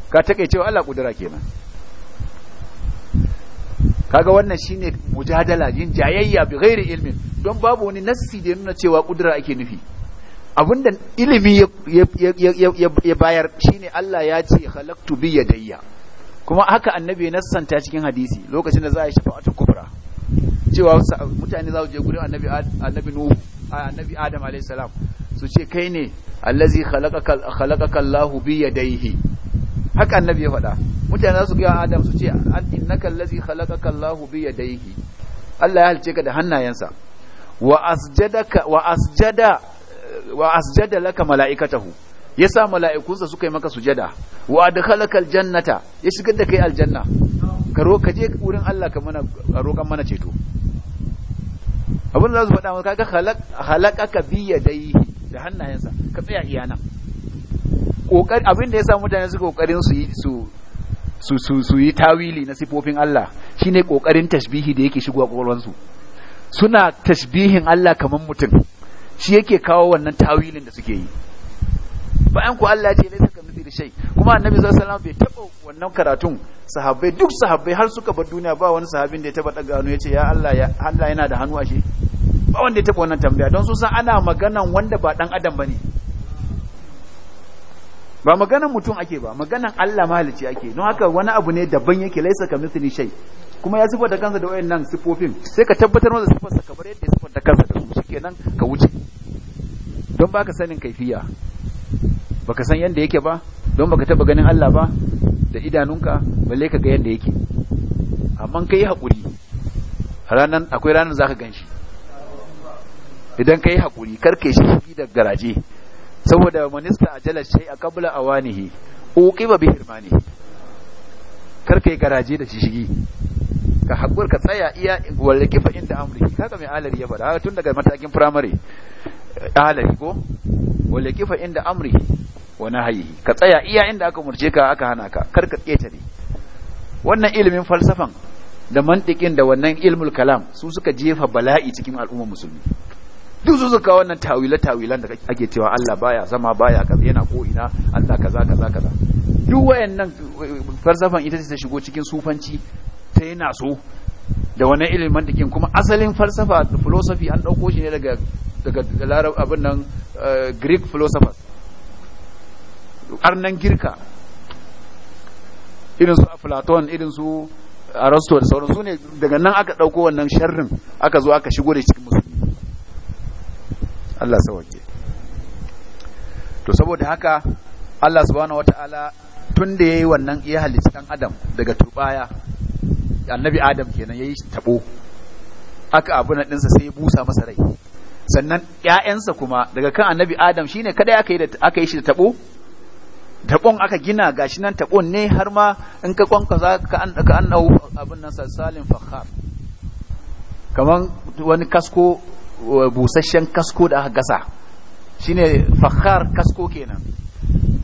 ka take cewa Allah kudura kenan kaga wannan shine mujadala yin jayayya bi ghairi ilmin don babu wani nassi da ya nuna cewa kudura ake nufi abinda ilimi ya bayar shine Allah ya ce khalaqtu bi yadayya kuma haka annabi nassanta cikin hadisi lokacin da za a yi shafa'atu kubra cewa mutane za su je gurin annabi annabi annabi adam alayhi salam su ce kai ne allazi khalaqaka khalaqaka ya bi yadayhi haka annabi ya faɗa mutane za su ga adam su ce innaka allazi khalaqaka Allahu bi yadayhi Allah ya halice ka da hannayensa wa asjadaka wa asjada wa asjada laka mala'ikatahu yasa mala'ikunsa suka yi maka sujada wa adkhalaka aljannata ya shigar da kai aljanna ka ro ka je wurin Allah ka mana roƙan mana ceto abin da za su faɗa maka ka khalaqaka bi yadayhi da hannayensa ka tsaya iyana abin da ya sa mutane su kokarin su yi tawili na sifofin Allah shine kokarin tashbihi da yake shigo a kokolwan suna tashbihin Allah kamar mutum shi yake kawo wannan tawilin da suke yi bayan ku Allah ce ne suka da shay kuma annabi sallallahu alaihi wasallam bai taba wannan karatun sahabbai duk sahabbai har suka bar duniya ba wani sahabin da ya taba daga hannu yace ya Allah ya Allah yana da hannu ashe ba wanda ya taba wannan tambaya don su san ana maganan wanda ba dan adam ba ne. ba maganan mutum ake ba maganan Allah malici ake don haka wani abu ne daban yake laisa ka mithli shay kuma ya da kansa da wayannan sifofin sai ka tabbatar masa sifarsa kamar yadda ya sifanta kansa da su shikenan ka wuce don baka sanin kaifiya baka san yadda yake ba don baka taba ganin Allah ba da idanunka balle ka ga yadda yake amma kai hakuri ranan akwai ranan zaka ganshi idan kai hakuri karke shi da garaje saboda manista jalar shai a a qabla awanihi bihir ma ne, kar yi garaje da shishigi ka haƙur ka tsaya iya wale kifa inda amri kaga mai alari ya faɗa tun daga matakin firamare alari ko wale kifa inda amri wani hayi ka tsaya iya inda aka murce ka aka hana ka karka ka ne. wannan ilimin falsafan da mantikin da wannan ilmul kalam su suka jefa bala'i cikin al'ummar musulmi duk su suka wannan tawila tawilan da ake cewa Allah baya zama baya kaza yana ko ina Allah kaza kaza kaza duk wayannan eh, falsafan ita ce ta shigo cikin sufanci ta yana so da wannan ilimin dake kuma asalin falsafa philosophy an dauko shi ne daga daga larab abin nan eh, greek philosophers arnan girka irin su platon irin su Aristotle sauransu ne daga nan aka dauko wannan sharrin aka zo aka shigo da cikin musulmi Allah to saboda haka Allah subhanahu wataala tun da yayi wannan iya halitta dan adam daga turbaya annabi adam kenan yayi tabo aka abu na dinsa sai ya busa masa rai sannan ƴaƴansa kuma daga kan annabi adam shine kada aka yi da aka yi shi da tabo tabon aka gina gashi nan tabon ne har ma in ka kwanka za ka an ka abin nan salin fakhar kaman wani kasko busasshen kasko da aka gasa shine fakhar kasko kenan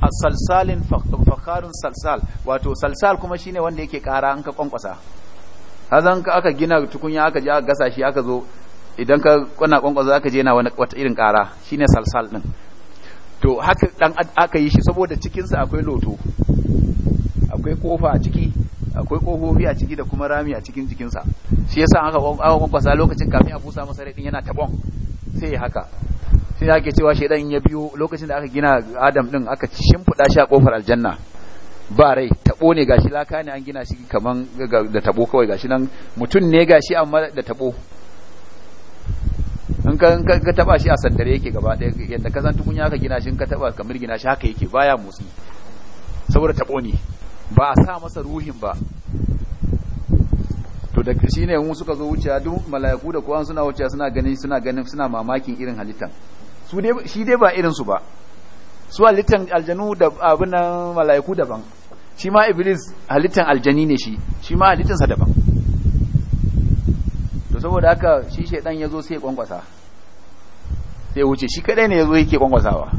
a salsalin fakharun salsal wato salsal kuma shine wanda yake kara an ka kwankwasa hazan ka aka gina tukunya aka je aka gasa shi aka zo idan ka kwana kwankwasa aka je na wata irin kara shine salsal din to haka dan aka yi shi saboda cikinsa akwai loto akwai kofa a ciki akwai kofofi a ciki da kuma rami a cikin jikinsa shi yasa aka aka kwankwasa lokacin kafin a busa masa rai yana tabon sai ya haka sai ya ke cewa shaidan ya biyo lokacin da aka gina Adam din aka shimfiɗa shi a kofar aljanna ba rai tabo ne gashi laka ne an gina shi kaman da tabo kawai gashi nan mutum ne gashi amma da tabo in ka ka taba shi a sandare yake gaba ɗaya yadda ka san tukunya ka gina shi in ka taba kamar gina shi haka yake baya motsi saboda tabo ne ba a sa masa ruhin ba to da shi ne mun suka zo wucewa duk mala'iku da kowa suna wucewa suna ganin suna ganin suna mamakin irin halittan su dai shi dai ba irin su ba su halittan aljanu da abinan nan mala'iku daban shi ma iblis halittan aljani ne shi shi ma halittansa daban to saboda haka shi shaidan ya zo sai ya kwankwasa sai wuce shi kadai ne ya zo yake kwankwasawa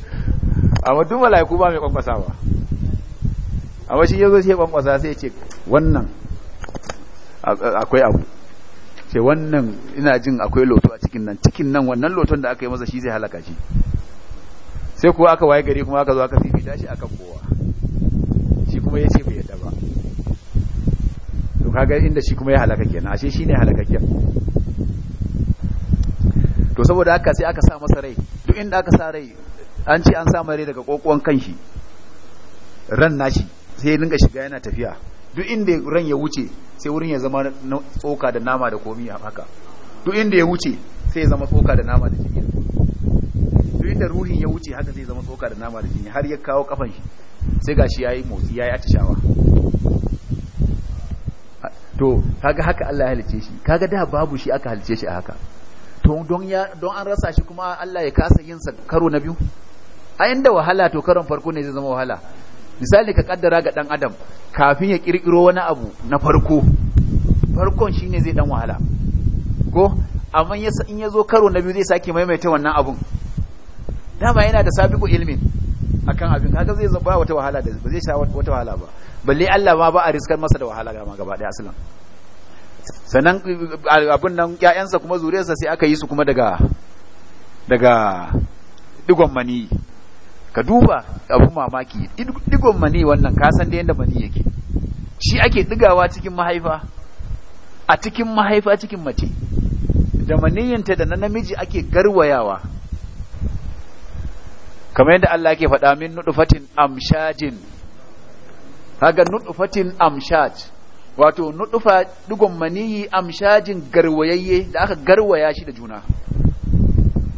amma duk mala'iku ba mai kwankwasawa a wasu ya zo sai kwankwasa sai ce wannan akwai abu ce wannan ina jin akwai loto a cikin nan cikin nan wannan loton da aka yi masa shi zai halaka shi sai kuwa aka waye gari kuma aka zo aka fifita shi akan kowa shi kuma ya ce bai yadda ba to kaga inda shi kuma ya halaka kenan ashe shine halakakken to saboda haka sai aka sa masa rai duk inda aka sa rai an ce an sa rai daga kokon kanshi ran nashi sai ya dinga shiga yana tafiya duk inda ran ya wuce sai wurin ya zama tsoka da nama da komi haka duk inda ya wuce sai ya zama tsoka da nama da jini duk inda ruhin ya wuce haka sai zama tsoka da nama da jini har ya kawo kafan shi sai gashi yayi motsi yayi atishawa to kaga haka Allah ya halice shi kaga da babu shi aka halice shi a haka to don ya don an rasa shi kuma Allah ya kasa yin sa karo na biyu a inda wahala to karon farko ne zai zama wahala misali ka kaddara ga dan adam kafin ya kirkiro wani abu na farko farkon shine zai dan wahala ko amma in ya zo karo na biyu zai sake maimaita wannan abun dama yana da sabiku ilmin akan abin kaga zai zaba wata wahala da ba zai sha wata wahala ba balle Allah ma ba a riskar masa da wahala ga gaba daya aslan sannan abun nan ƴaƴansa kuma zuriyarsa sai aka yi su kuma daga daga digon mani ka duba abu mamaki digon mani wannan kasan da yadda mani yake shi ake digawa cikin mahaifa a cikin mahaifa cikin mace da maniyyanta da na namiji ake garwayawa kamar yadda Allah ke faɗa min nuɗufatin amshajin haga nuɗufatin amshaj wato nuɗufa digon mani amshajin garwayayye da aka garwaya shi da juna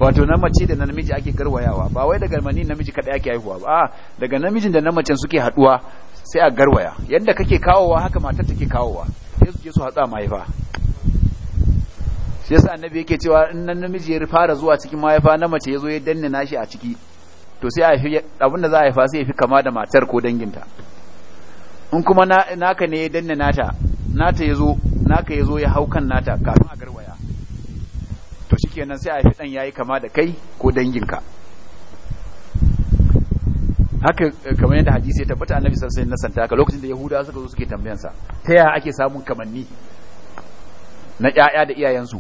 wato na mace da na namiji ake garwayawa ba wai daga mani namiji kadai ake haihuwa ba daga namijin da namacin suke haduwa sai a garwaya yadda kake kawowa haka matar take kawowa sai suke su hatsa mahaifa shi yasa annabi yake cewa in nan namiji ya fara zuwa cikin mahaifa na mace yazo ya danne nashi a ciki to sai a abin abinda za a haifa sai ya fi kama da matar ko danginta in kuma naka ne ya danne nata nata yazo naka yazo ya hau kan nata kafin a garwaya shikenan sai a fi dan yayi kama da kai ko danginka haka eh, kamar yadda hadisi ya tabbata annabi sallallahu alaihi wasallam santa ka lokacin da yahudawa suka zo suke sa ta yaya ake samun kamanni na ƴaƴa da iyayensu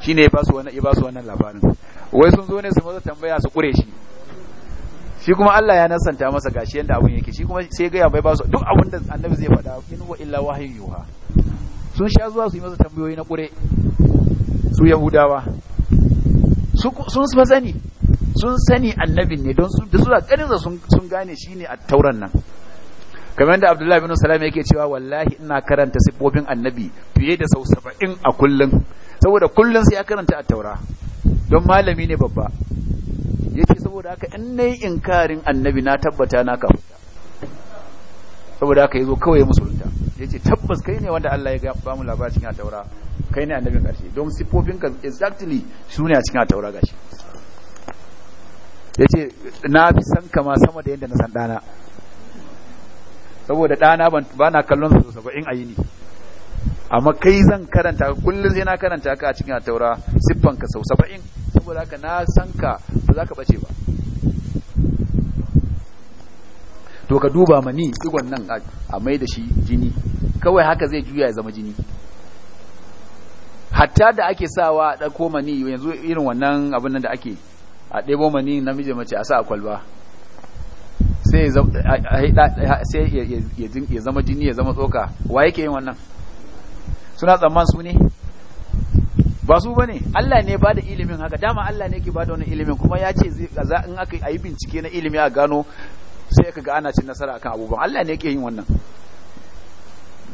shine ya basu wannan ya basu wannan labarin wai sun zo ne su maza tambaya su kure shi shi kuma Allah ya nasanta masa gashi yanda abun yake shi kuma sai ga ya bai basu duk abun da annabi zai faɗa in wa illa wahyu yuha sun sha zuwa su yi masa tambayoyi na kure su yahudawa sun sani sun sani annabin ne don da su da sun gane shi ne a tauran nan kamar yadda abdullahi bin salam yake cewa wallahi ina karanta siffofin annabi fiye da sau saba'in a kullum saboda kullum sai ya karanta a taura don malami ne babba ya ce saboda haka in na yi inkarin annabi na tabbata na kafuta. saboda haka ya zo kawai musulunta ya ce tabbas kai ne wanda allah ya ba mu labarin cikin a taura kai ne annabin ƙarshe don siffofinka exactly su ne a cikin a taura gashi ya ce na fi san kama sama da yadda na san ɗana saboda ɗana ba na kallon su saba'in a ni. amma kai zan karanta kullum sai na karanta ka a cikin a taura siffanka sau saba'in saboda haka na san ka ba za ka ɓace ba to ka duba mani digon nan a mai da shi jini kawai haka zai juya ya zama jini hatta da ake sawa a ɗauko mani yanzu irin wannan abin nan da ake a ɗebo mani namiji mace a sa a kwalba sai ya zama jini ya zama tsoka wa yake yin wannan suna tsamman su ne ba su ba ne Allah ne ba da ilimin haka dama Allah ne ke ba da wani ilimin kuma ya ce za in aka yi bincike na ilimi a gano sai ka ga ana cin nasara akan abubuwan Allah ne ke yin wannan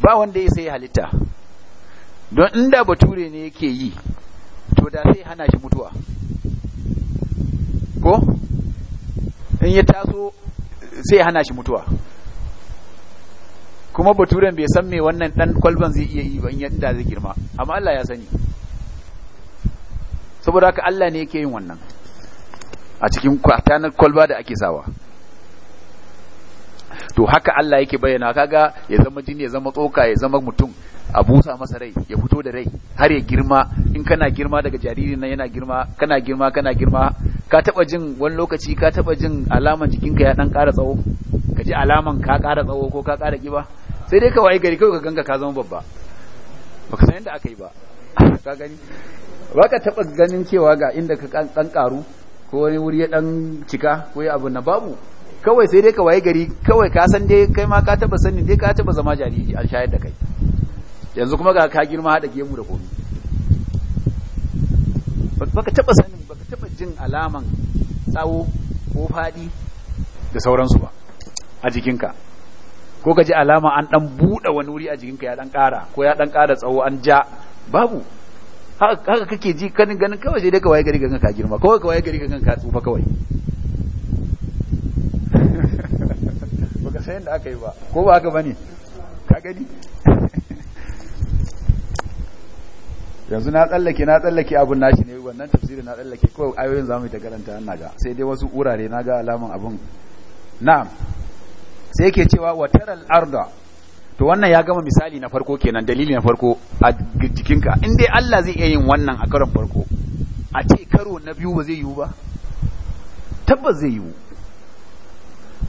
ba wanda ya sai halitta don inda bature ne yake yi to da sai hana shi mutuwa ko in ya taso sai hana shi mutuwa kuma baturen bai san me wannan dan kwalban zai iya yi ba in yadda zai girma amma Allah ya sani saboda haka Allah ne yake yin wannan a cikin kwatanar kwalba da ake sawa to haka Allah yake bayyana kaga ya zama jini ya zama tsoka ya zama mutum a busa masa rai ya fito da rai har ya girma in kana girma daga jaririn nan yana girma kana girma kana girma ka taba jin wani lokaci ka taba jin alaman jikinka ya dan ƙara tsawo ka ji alaman ka ƙara tsawo ko ka ƙara kiba sai dai ka wayi gari kawai ka ganga ka zama babba baka san yadda aka yi ba ka gani ba ka taba ganin cewa ga inda ka dan karu ko wani wuri ya dan cika ko ya abu na babu kawai sai dai ka waye gari kawai ka san dai kai ma ka taba sanin dai ka taba zama jariri an shayar da kai yanzu kuma ga ka girma haɗa gemu da komi baka taba sanin baka taba jin alaman tsawo ko faɗi da sauransu ba a jikinka ko ka ji alama an dan buɗe wani wuri a jikinka ya dan ƙara ko ya dan ƙara tsawo an ja babu haka kake ji kanin ganin kawai sai dai ka waye gari gangan ka girma kawai ka waye gari gangan ka tsufa kawai san yadda aka yi ba ko ba haka bane ka gani yanzu na tsallake na tsallake abun nashi ne wannan tafsirin na tsallake ko ayoyin zamu ta karanta na ga sai dai wasu urare na ga alaman abun na'am sai yake cewa wa taral arda to wannan ya gama misali na farko kenan dalili na farko a jikinka in dai Allah zai iya yin wannan a karon farko a ce karo na biyu ba zai yiwu ba tabbas zai yiwu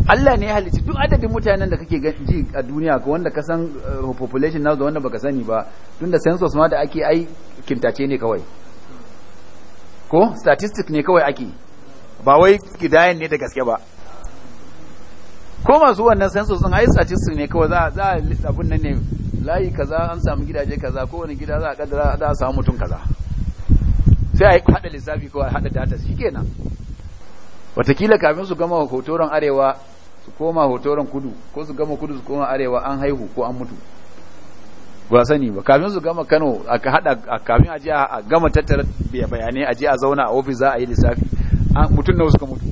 Allah ne ya halitta duk adadin mutanen da kake ji a duniya ko wanda ka san eh, population na da wanda baka sani ba tunda census ma da ake ai kintace ne kawai ko statistic ne kawai ake ba wai kidayen ne da gaske ba ko masu wannan census sun ai statistic ne kawai za za abun nan ne layi kaza an samu gidaje kaza ko wani gida za a kaddara za a samu mutum kaza sai a hada lissafi ko a hada data shikenan watakila kafin su gama hotoron arewa su koma hotoron kudu ko su gama kudu su koma arewa an haihu ko an mutu ba sani ba kafin su gama kano aka hada kafin aje a gama tattara bayanai aje a zauna a ofis za a yi lissafi mutum nawa suka mutu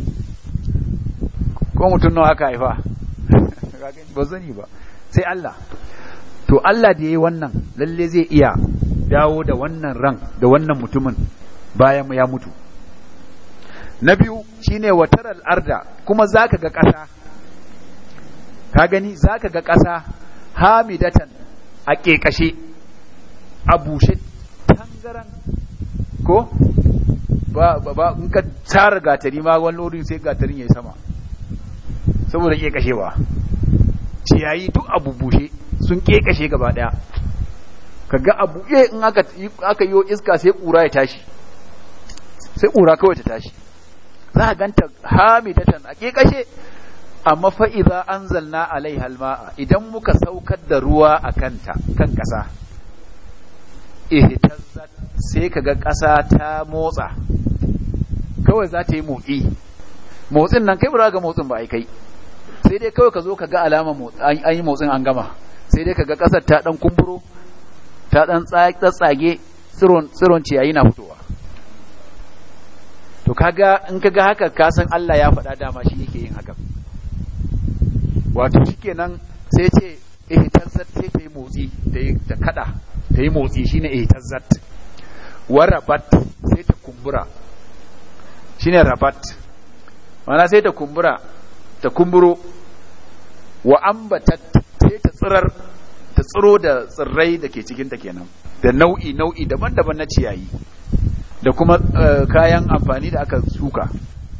ko mutum nawa aka haifa ba sani ba sai Allah to Allah da yayi wannan lalle zai iya dawo da wannan ran da wannan mutumin bayan ya mutu na biyu shine tara arda kuma zaka ga ƙasa ka gani zaka ga ƙasa hamidatan a ƙeƙashe a bushe tangaran ko ba ba in ka tsara gatari ma wani lorin sai gatarin yi sama saboda ba. ciyayi duk abu bushe sun ƙeƙashe gaba ɗaya ga abu eh in aka aka yo iska sai ƙura ya tashi sai ƙura kawai ta tashi za ka ganta hamidatan a ƙeƙashe amma fa an anzalna alaiha alma'a idan muka saukar da ruwa a kanta kan ƙasa ihtazzat sai kaga ƙasa ta motsa kawai za ta yi motsi motsin nan kai ba ga motsin ba ai kai sai dai kawai ka zo ka ga alama an yi motsin an gama sai dai ka ga ƙasar ta ɗan kumburo ta ɗan tsatsage tsiron ciyayi na fitowa to kaga in kaga haka ka san Allah ya faɗa dama shi yake yin hakan wato shikenan sai ce eh, tazzat sai ta yi motsi ta kada ta yi motsi shine ihtazzat eh, wa rabat sai ta kumbura shine rabat mana sai ta kumbura ta kumburo wa ambatat sai ta tsirar ta tsiro da tsirrai da ke ta kenan da nau'i nau'i daban-daban na ciyayi da kuma eh, kayan amfani da aka shuka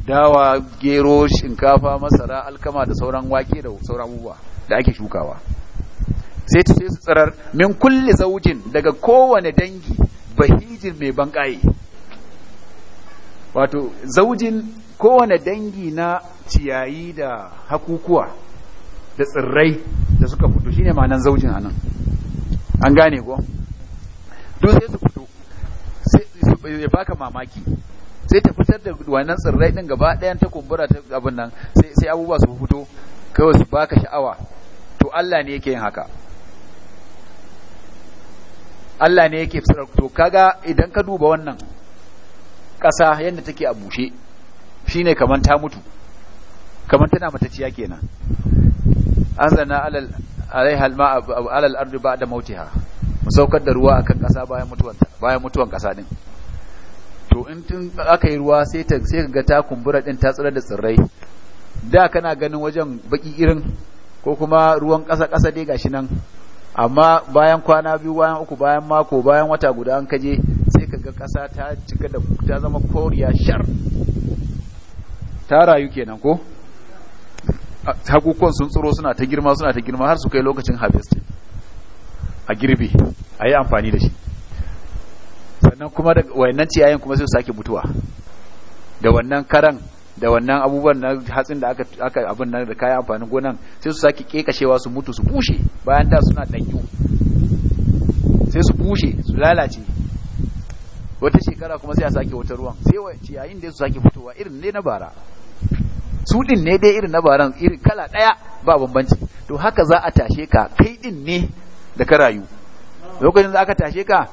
dawa gero shinkafa masara alkama da sauran wake da sauran abubuwa da ake shukawa sai ta su tsarar min kulli zaujin daga kowane dangi bahijin mai bankaye. wato zaujin kowane dangi na ciyayi da hakukuwa da tsirrai da suka fito shine ma'anan zaujin anan an gane ko duk sai su ya baka mamaki sai ta fitar da wannan tsirrai din gaba ɗayan ta kumbura ta abin nan sai abubuwa su fito kawai su baka sha'awa to Allah ne yake yin haka Allah ne yake fitar to kaga idan ka duba wannan ƙasa yadda take a bushe shine kaman ta mutu kaman tana mataciya kenan anzana alal alaiha alma alal ardi ba'da mautiha mu saukar da ruwa akan ƙasa bayan mutuwan bayan mutuwan ƙasa din to in tun aka yi ruwa sai ta sai ga ta kumbura din ta tsira da tsirrai da kana ganin wajen baki irin ko kuma ruwan ƙasa ƙasa dai gashi nan amma bayan kwana biyu bayan uku bayan mako bayan wata guda an kaje sai ka ga ƙasa ta cika da ta zama koriya shar ta rayu kenan ko hakukuwan sun tsiro suna ta girma suna ta girma har su kai lokacin harvesting a girbe a yi amfani da shi sannan kuma da wayannan ciyayin kuma sai su sake mutuwa da wannan karan da wannan abubuwan na hatsin da aka aka abin nan da kayan amfanin gonan sai su sake kekashewa su mutu su bushe bayan da suna danyo sai su bushe su lalace wata shekara kuma sai a sake wata ruwan sai wa ciyayin da su sake fitowa irin ne na bara su din ne dai irin na baran irin kala daya ba bambanci to haka za a tashe ka kai din ne da ka rayu lokacin da aka tashe ka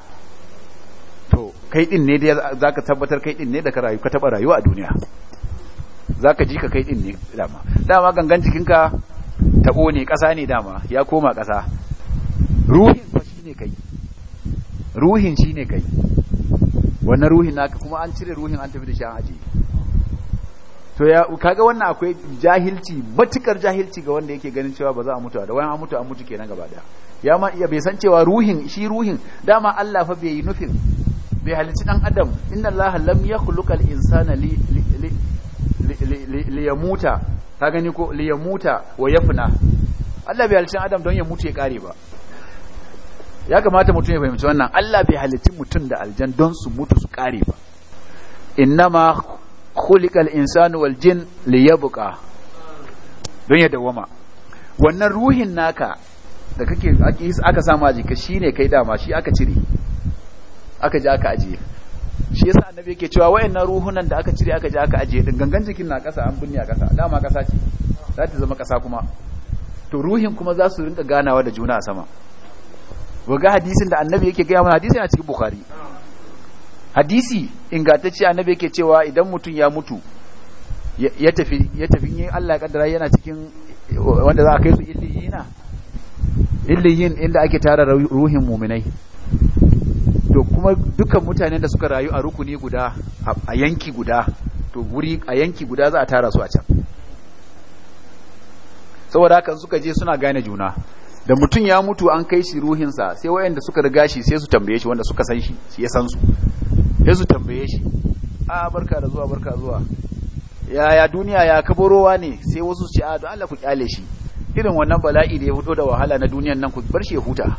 to kai din ne za ka tabbatar kai din ne da ka rayu ka taba rayuwa a duniya za ka ji ka kai din ne dama dama gangan jikinka taɓo ne ƙasa ne dama ya koma ƙasa ruhin fa shi ne kai ruhin shi ne kai wannan ruhin naka kuma an cire ruhin an tafi da shi an ajiye so ya kaga wannan akwai jahilci matukar jahilci ga wanda yake ganin cewa ba za a mutu da wayan an mutu an mutu kenan gaba daya ya ma ya bai san cewa ruhin shi ruhin dama Allah fa bai yi nufin bai halici dan adam inna Allah lam yakhluqal insana li li li yamuta ka gani ko li yamuta wa yafna Allah bai halici adam don ya mutu ya kare ba ya kamata mutum ya fahimci wannan Allah bai halici mutum da aljan don su mutu su kare ba innama khuliqal insanu wal jin liyabqa don ya dawama wannan ruhin naka da kake aka samu a jikinka shine kai dama shi aka cire aka ji aka ajiye shi yasa annabi yake cewa wayannan ruhunan da aka cire aka ji aka ajiye din gangan jikin na kasa an binne a kasa dama kasa ce za ta zama kasa kuma to ruhin kuma za su rinka ganawa da juna a sama waga hadisin da annabi yake gaya mana hadisin a cikin bukhari hadisi ingantacce annabi yake cewa idan mutum ya mutu ya tafi ya tafi ne Allah ya kaddara yana cikin wanda za a kai su illiyina illiyin inda ake tara ruhin muminai to kuma dukkan mutanen da suka rayu a rukuni guda a yanki guda to wuri a yanki guda za a tara su a can saboda haka suka je suna gane juna da mutum ya mutu an kai shi ruhinsa sai waɗanda suka riga shi sai su tambaye shi wanda suka san shi ya san su sai su tambaye shi a barka da zuwa barka zuwa yaya duniya ya kabarowa ne sai wasu su ce a don Allah ku kyale shi irin wannan bala'i da ya fito da wahala na duniyan nan ku bar shi ya huta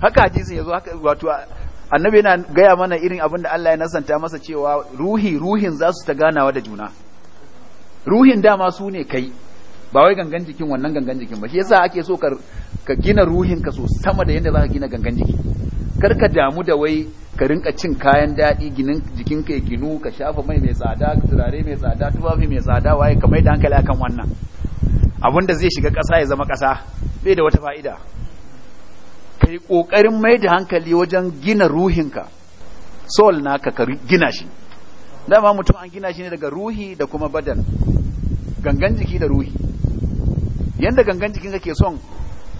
haka hadisi yazo haka wato annabi yana gaya mana irin abin da Allah ya nasanta masa cewa ruhi ruhin za su ta ganawa da juna ruhin dama su ne kai ba wai gangan jikin wannan gangan jikin ba shi yasa ake so ka gina ruhin ka so sama da yadda za ka gina gangan jiki kar ka damu da wai ka rinka cin kayan daɗi ginin jikinka ya ginu ka shafa mai mai tsada ka turare mai tsada tufafi mai tsada waye ka mai da hankali akan wannan abin da zai shiga ƙasa ya zama ƙasa bai da wata fa'ida ka yi ƙoƙarin mai da hankali wajen gina ruhinka sol na ka gina shi dama mutum an gina shi ne daga ruhi da kuma badan gangan jiki da ruhi yadda gangan jikin ka ke son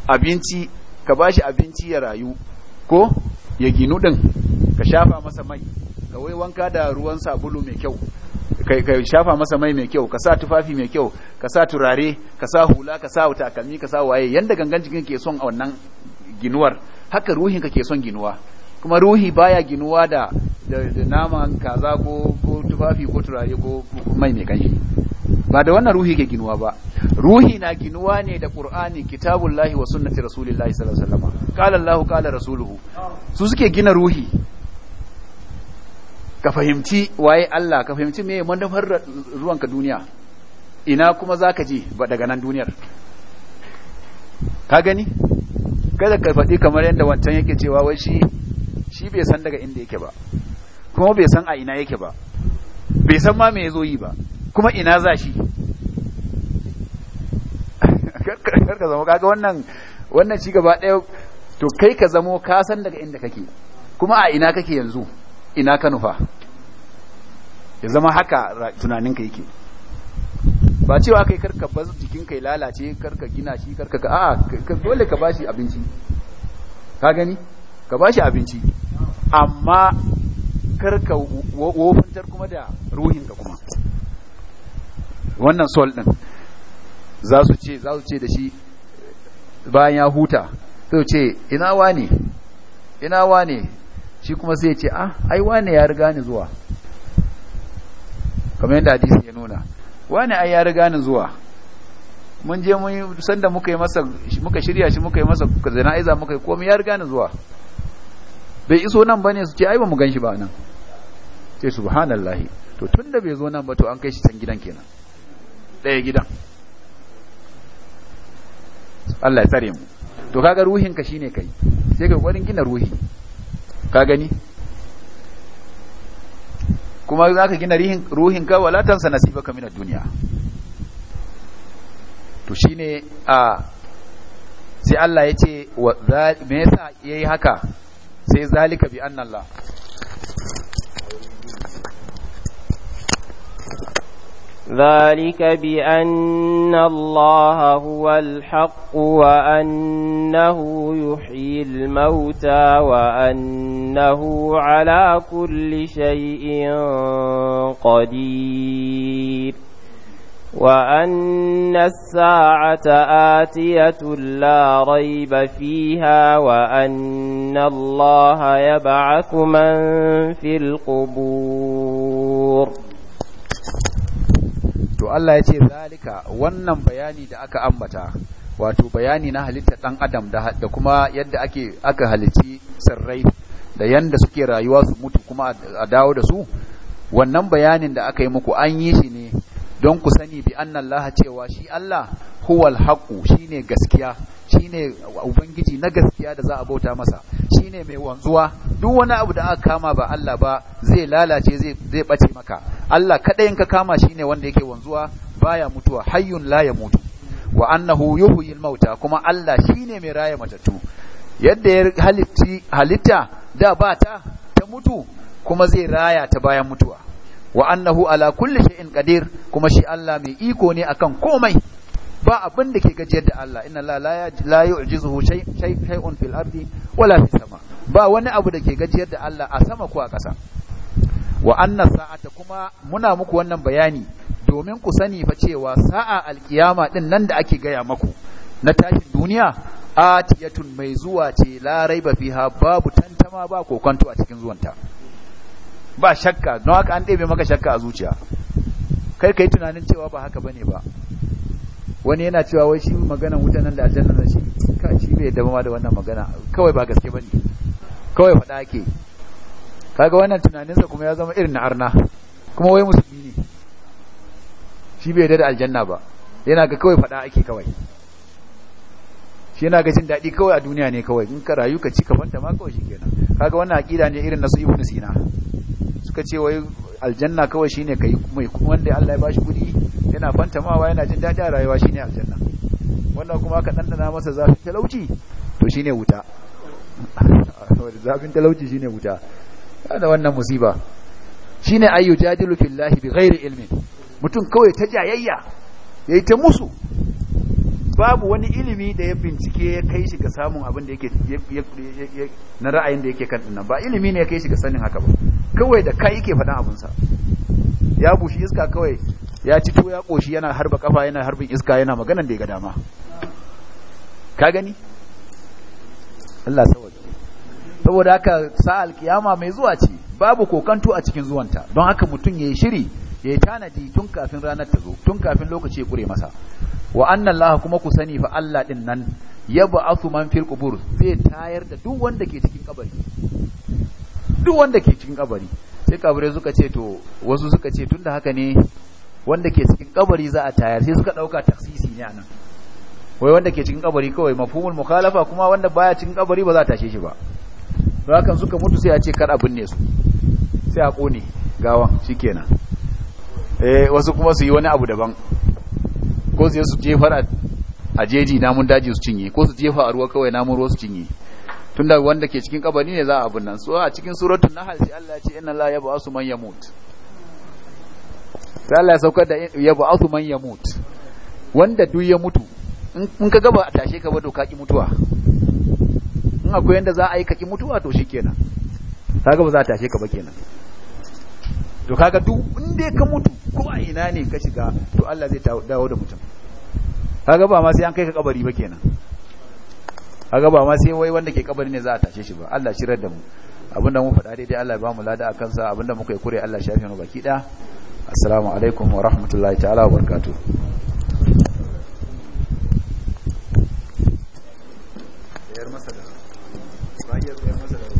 abinci ka ba shi abinci ya rayu ko ya ginu ɗin ka shafa masa mai ka wai wanka da ruwan sabulu mai kyau ka shafa masa mai mai kyau ka sa tufafi mai kyau ka sa turare ka sa hula ka sa takalmi ka sa waye yanda gangan jikin ke son a wannan ginuwar haka ruhin ka ke son ginuwa kuma ruhi baya ginuwa da da naman kaza ko ko tufafi ko turare ko mai mai kanshi ba da wannan ruhi ke ginuwa ba ruhi na ginuwa ne da qur'ani kitabullahi wa sunnati rasulillahi sallallahu alaihi wasallam qala allah qala rasuluhu su suke gina ruhi ka fahimci waye allah ka fahimci me manufar ruwanka duniya ina kuma zaka je ba daga nan duniyar ka gani kada ka faɗi kamar yadda wancan yake cewa wai shi shi bai san daga inda yake ba kuma bai san a ina yake ba bai san ma me yazo yi ba kuma ina za shi ka zama kaga wannan wannan ci gaba ɗaya to kai ka zamo kasan daga inda kake kuma a ina kake yanzu ina ka nufa ya zama haka tunaninka yake ba cewa kai karka bar jikinka ya lalace karka gina shi karka ka a'a dole ka bashi abinci ka gani ka bashi abinci amma karka wofantar kuma da ruhinka kuma wannan sol din za su ce za su ce da shi bayan ya huta sai ce ina wane ina wane shi kuma sai ce ah ai wane ya riga ni zuwa kamar yadda hadisi ya nuna wane ai ya riga ni zuwa mun je mun sanda muka yi masa muka shirya shi muka yi masa jana'iza muka yi komai ya riga ni zuwa bai iso nan bane su ce ai ba mu gan shi ba nan sai subhanallahi to tunda bai zo nan ba to an kai shi can gidan kenan ɗaya gidan Allah ya tsare mu to kaga ruhin ka shine kai sai ka kokarin gina ruhi ka gani kuma za ka gina ruhin ka wala tansa nasibaka minad duniya to shine a sai Allah ya ce me yasa yayi haka sai zalika bi annallah ذلك بأن الله هو الحق وأنه يحيي الموتى وأنه على كل شيء قدير وأن الساعة آتية لا ريب فيها وأن الله يبعث من في القبور Allah ya ce zalika wannan bayani da aka ambata wato bayani na halitta dan adam da, da kuma yadda ake aka halitti sirrai da yanda suke rayuwa su mutu kuma a dawo da su wannan bayanin da aka yi muku an yi shi ne don ku sani bi annallaha cewa shi Allah huwal shi shine gaskiya shine ubangiji na gaskiya da za a bauta masa shine mai wanzuwa duk wani abu da aka kama ba Allah ba zai lalace zai ɓace maka Allah kadai in ka kama shine wanda yake wanzuwa baya mutuwa hayyun la ya mutu wa annahu yuhyi mauta kuma Allah shine mai raya matattu yadda ya halitta da ba ta ta mutu kuma zai raya ta bayan mutuwa wa annahu ala kulli shay'in qadir kuma shi Allah mai iko ne akan komai ba abin da ke gajiyar da Allah inna la la yu'jizuhu shay'un fil ardi wala fis sama ba wani abu da ke gajiyar da Allah a sama ko a ƙasa wa anna sa'ata kuma muna muku wannan bayani domin ku sani fa cewa sa'a alkiyama din nan da ake gaya maku na tashin duniya a atiyatun mai zuwa ce la raiba fiha babu tantama ba kokonto a cikin zuwanta ba shakka don haka an ɗebe maka shakka a zuciya kai kai tunanin cewa ba haka ne ba wani yana cewa wai shi maganan wutan nan da aljanna nan shi ka shi bai da ma da wannan magana kawai ba gaske bane kawai faɗa ake kaga wannan tunaninsa kuma ya zama irin na arna kuma wai musulmi ne shi bai yadda da aljanna ba yana ga kawai faɗa ake kawai shi yana ga jin daɗi kawai a duniya ne kawai in ka rayu ka ci ka fanta ma kawai shikenan kaga wannan aqida ne irin na su ibnu sina suka ce wai aljanna kawai shine kai mai wanda Allah ya bashi kudi yana fantamawa yana jin daɗi a rayuwa shine aljanna wanda kuma aka dandana masa zafin talauci to shine wuta zafin talauci shine wuta da wannan musiba shine ayyu jadilu fillahi bighairi ilmin mutum kawai ta jayayya yayi ta musu babu wani ilimi da ya bincike ya kai shi ga samun abin da yake na ra'ayin da yake kan dinnan ba ilimi ne ya kai shi ga sanin haka ba kawai da kai yake abin abinsa ya bushi iska kawai ya ci to ya koshi yana harba kafa yana harbin iska yana maganan da ya ga dama ka gani Allah saboda saboda haka sa'al kiyama mai zuwa ce babu kokanto a cikin zuwanta don haka mutum yayi shiri ya yi tanadi tun kafin ranar ta zo tun kafin lokaci ya kure masa wa anna Allah kuma ku sani fa Allah din nan yab'athu man fil qubur zai tayar da duk wanda ke cikin kabari duk wanda ke cikin kabari sai kabure suka ce to wasu suka ce tunda haka ne wanda ke cikin kabari za a tayar sai suka dauka taksisi ne anan wai wanda ke cikin kabari kawai mafhumul mukhalafa kuma wanda baya cikin kabari ba za a tashe shi ba to hakan suka mutu sai a ce kar abin ne su sai a kone gawan shikenan eh wasu kuma su yi wani abu daban ko su su jefar a jeji namun daji su cinye ko su jefa a ruwa kawai namun ruwa su cinye tunda wanda ke cikin kabari ne za a abin nan so a cikin suratul nahl sai Allah ya ce inna la yab'asu man yamut sai Allah ya saukar da yab'asu man yamut wanda duk ya mutu in ka gaba a tashe ka ba to kaki mutuwa in akwai yanda za a yi kaki mutuwa to shikenan kaga ba za a tashe ka ba kenan to kaga duk inda ka mutu ko a ina ne ka shiga to Allah zai dawo da mutum kaga ba ma sai an kai ka kabari ba kenan kaga ba ma sai wai wanda ke kabari ne za a tashe shi ba Allah shirar da mu abinda mun faɗa daidai Allah ya ba mu lada a kansa abinda muka yi kure Allah shafi mu baki da assalamu alaikum wa rahmatullahi ta'ala wa barakatuh